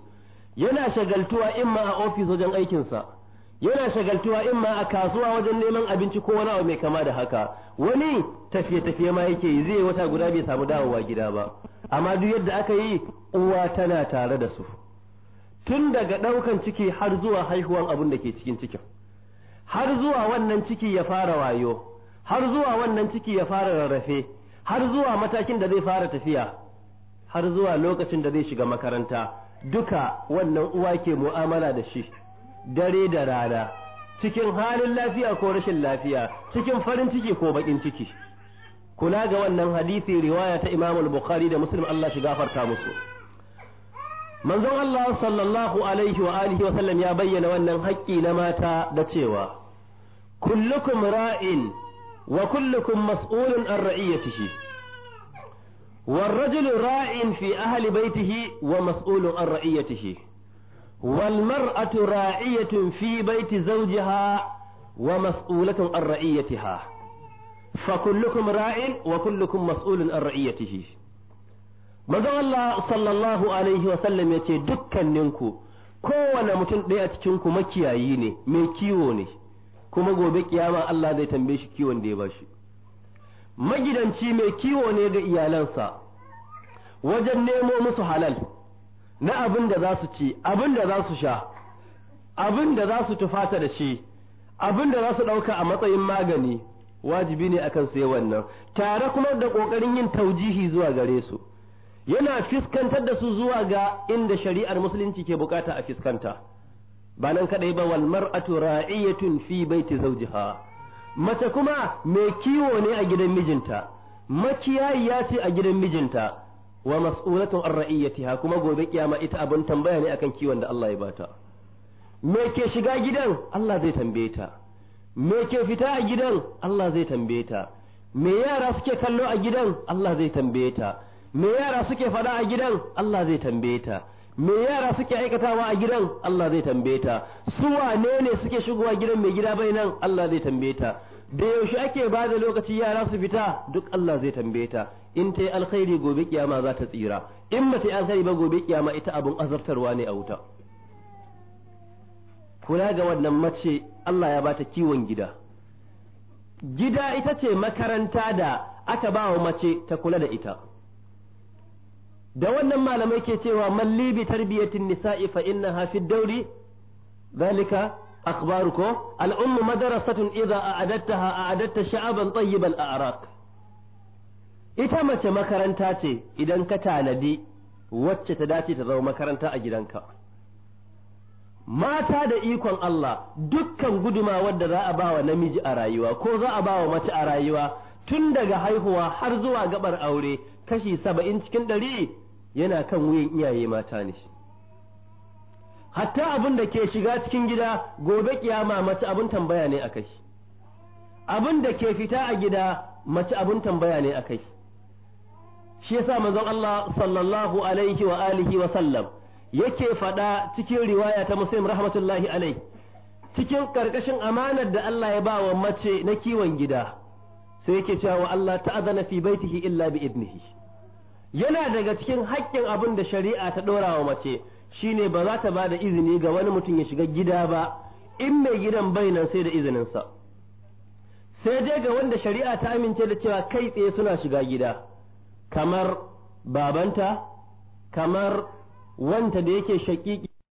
yana shagaltuwa in ma a ofis wajen aikinsa yana shagaltuwa in ma a kasuwa wajen neman abinci ko wani abu mai kama da haka wani tafiye-tafiye ma yake yi zai wata guda bai samu dawowa gida ba amma duk yadda aka yi uwa tana tare da su tun daga ɗaukan ciki har zuwa haihuwan abin da ke cikin cikin har zuwa wannan ciki ya fara wayo har zuwa wannan ciki ya fara rarrafe har zuwa matakin da zai fara tafiya har zuwa lokacin da zai shiga makaranta duka wannan uwa ke mu'amala da shi dare da rana cikin halin lafiya ko rashin lafiya cikin farin ciki ko baƙin ciki kula ga wannan hadisi riwaya ta Imam al-Bukhari da Muslim Allah shi gafarta musu manzon Allah sallallahu alaihi wa alihi wa sallam ya bayyana wannan haƙƙi na mata da cewa kullukum ra'in wa kullukum mas'ulun an ra'iyatihi والرجل راع في أهل بيته ومسؤول عن رعيته والمرأة راعية في بيت زوجها ومسؤولة عن رعيتها fa راع ra'in wa عن رعيته an ra'iyatihi manzon Allah sallallahu alaihi wa sallam yace dukkaninku kowane mutum ɗaya a cikin ku makiyayi ne mai kiwo ne kuma gobe kiyama Allah zai tambaye shi kiwon da ya bashi magidanci mai kiwo ne ga iyalansa wajen nemo musu halal na abin da za su ci abin da za su sha abin da za su tufata da shi abin da za su ɗauka a matsayin magani wajibi ne akan su wannan tare kuma da kokarin yin taujihi zuwa gare su yana fiskantar da su zuwa ga inda shari'ar musulunci ke bukata a fiskanta ba nan kadai ba wal mar'atu ra'iyatun fi baiti zawjiha mace kuma mai kiwo ne a gidan mijinta makiyayiya ce a gidan mijinta wa mas'ulatun ar ra'iyatiha kuma gobe kiyama ita abin tambaya ne akan kiwon da Allah ya bata me ke shiga gidan Allah zai tambaye ta me ke fita a gidan Allah zai tambaye ta me yara suke kallo a gidan Allah zai tambaye ta me yara suke fada a gidan Allah zai tambaye ta me yara suke aikatawa a gidan Allah zai tambaye ta su wane ne suke shigowa gidan mai gida bai nan Allah zai tambaye ta da yaushe ake ba da lokaci yara su fita duk Allah zai tambaye ta in ta yi alkhairi gobe kiyama za ta tsira in ba ta yi alkhairi ba gobe kiyama ita abun azartarwa ne a wuta kula ga wannan mace Allah ya bata kiwon gida gida ita ce makaranta da aka ba wa mace ta kula da ita da wannan malamai ke cewa malli bi tarbiyatin nisa'i fa inna fi dauri zalika ko al'ummu madrasatun idza ha a'adatta sha'aban tayyibal a'raq ita mace makaranta ce idan ka tanadi wacce ta dace ta zama makaranta a gidanka mata da ikon Allah dukkan guduma wadda za a ba wa namiji a rayuwa ko za a ba wa mace a rayuwa tun daga haihuwa har zuwa gabar aure kashi saba'in cikin ɗari yana kan wuyan iyaye mata ne hatta abin da ke shiga cikin gida gobe kiyama mace abin tambaya ne a kai abin da ke fita a gida mace abin tambaya ne a kai shi yasa manzon Allah sallallahu alaihi wa alihi wa sallam yake faɗa cikin riwaya ta muslim rahmatullahi alai cikin ƙarƙashin amanar da Allah ya ba wa mace na kiwon gida sai yake cewa wa Allah ta'azana fi baitihi illa bi idnihi yana daga cikin haƙƙin abin da shari'a ta ɗora wa mace shine ba za ta ba da izini ga wani mutum ya shiga gida ba in mai gidan bai nan sai da izininsa sai dai ga wanda shari'a ta amince da cewa kai tsaye suna shiga gida kamar babanta kamar wanta da yake shaƙiƙi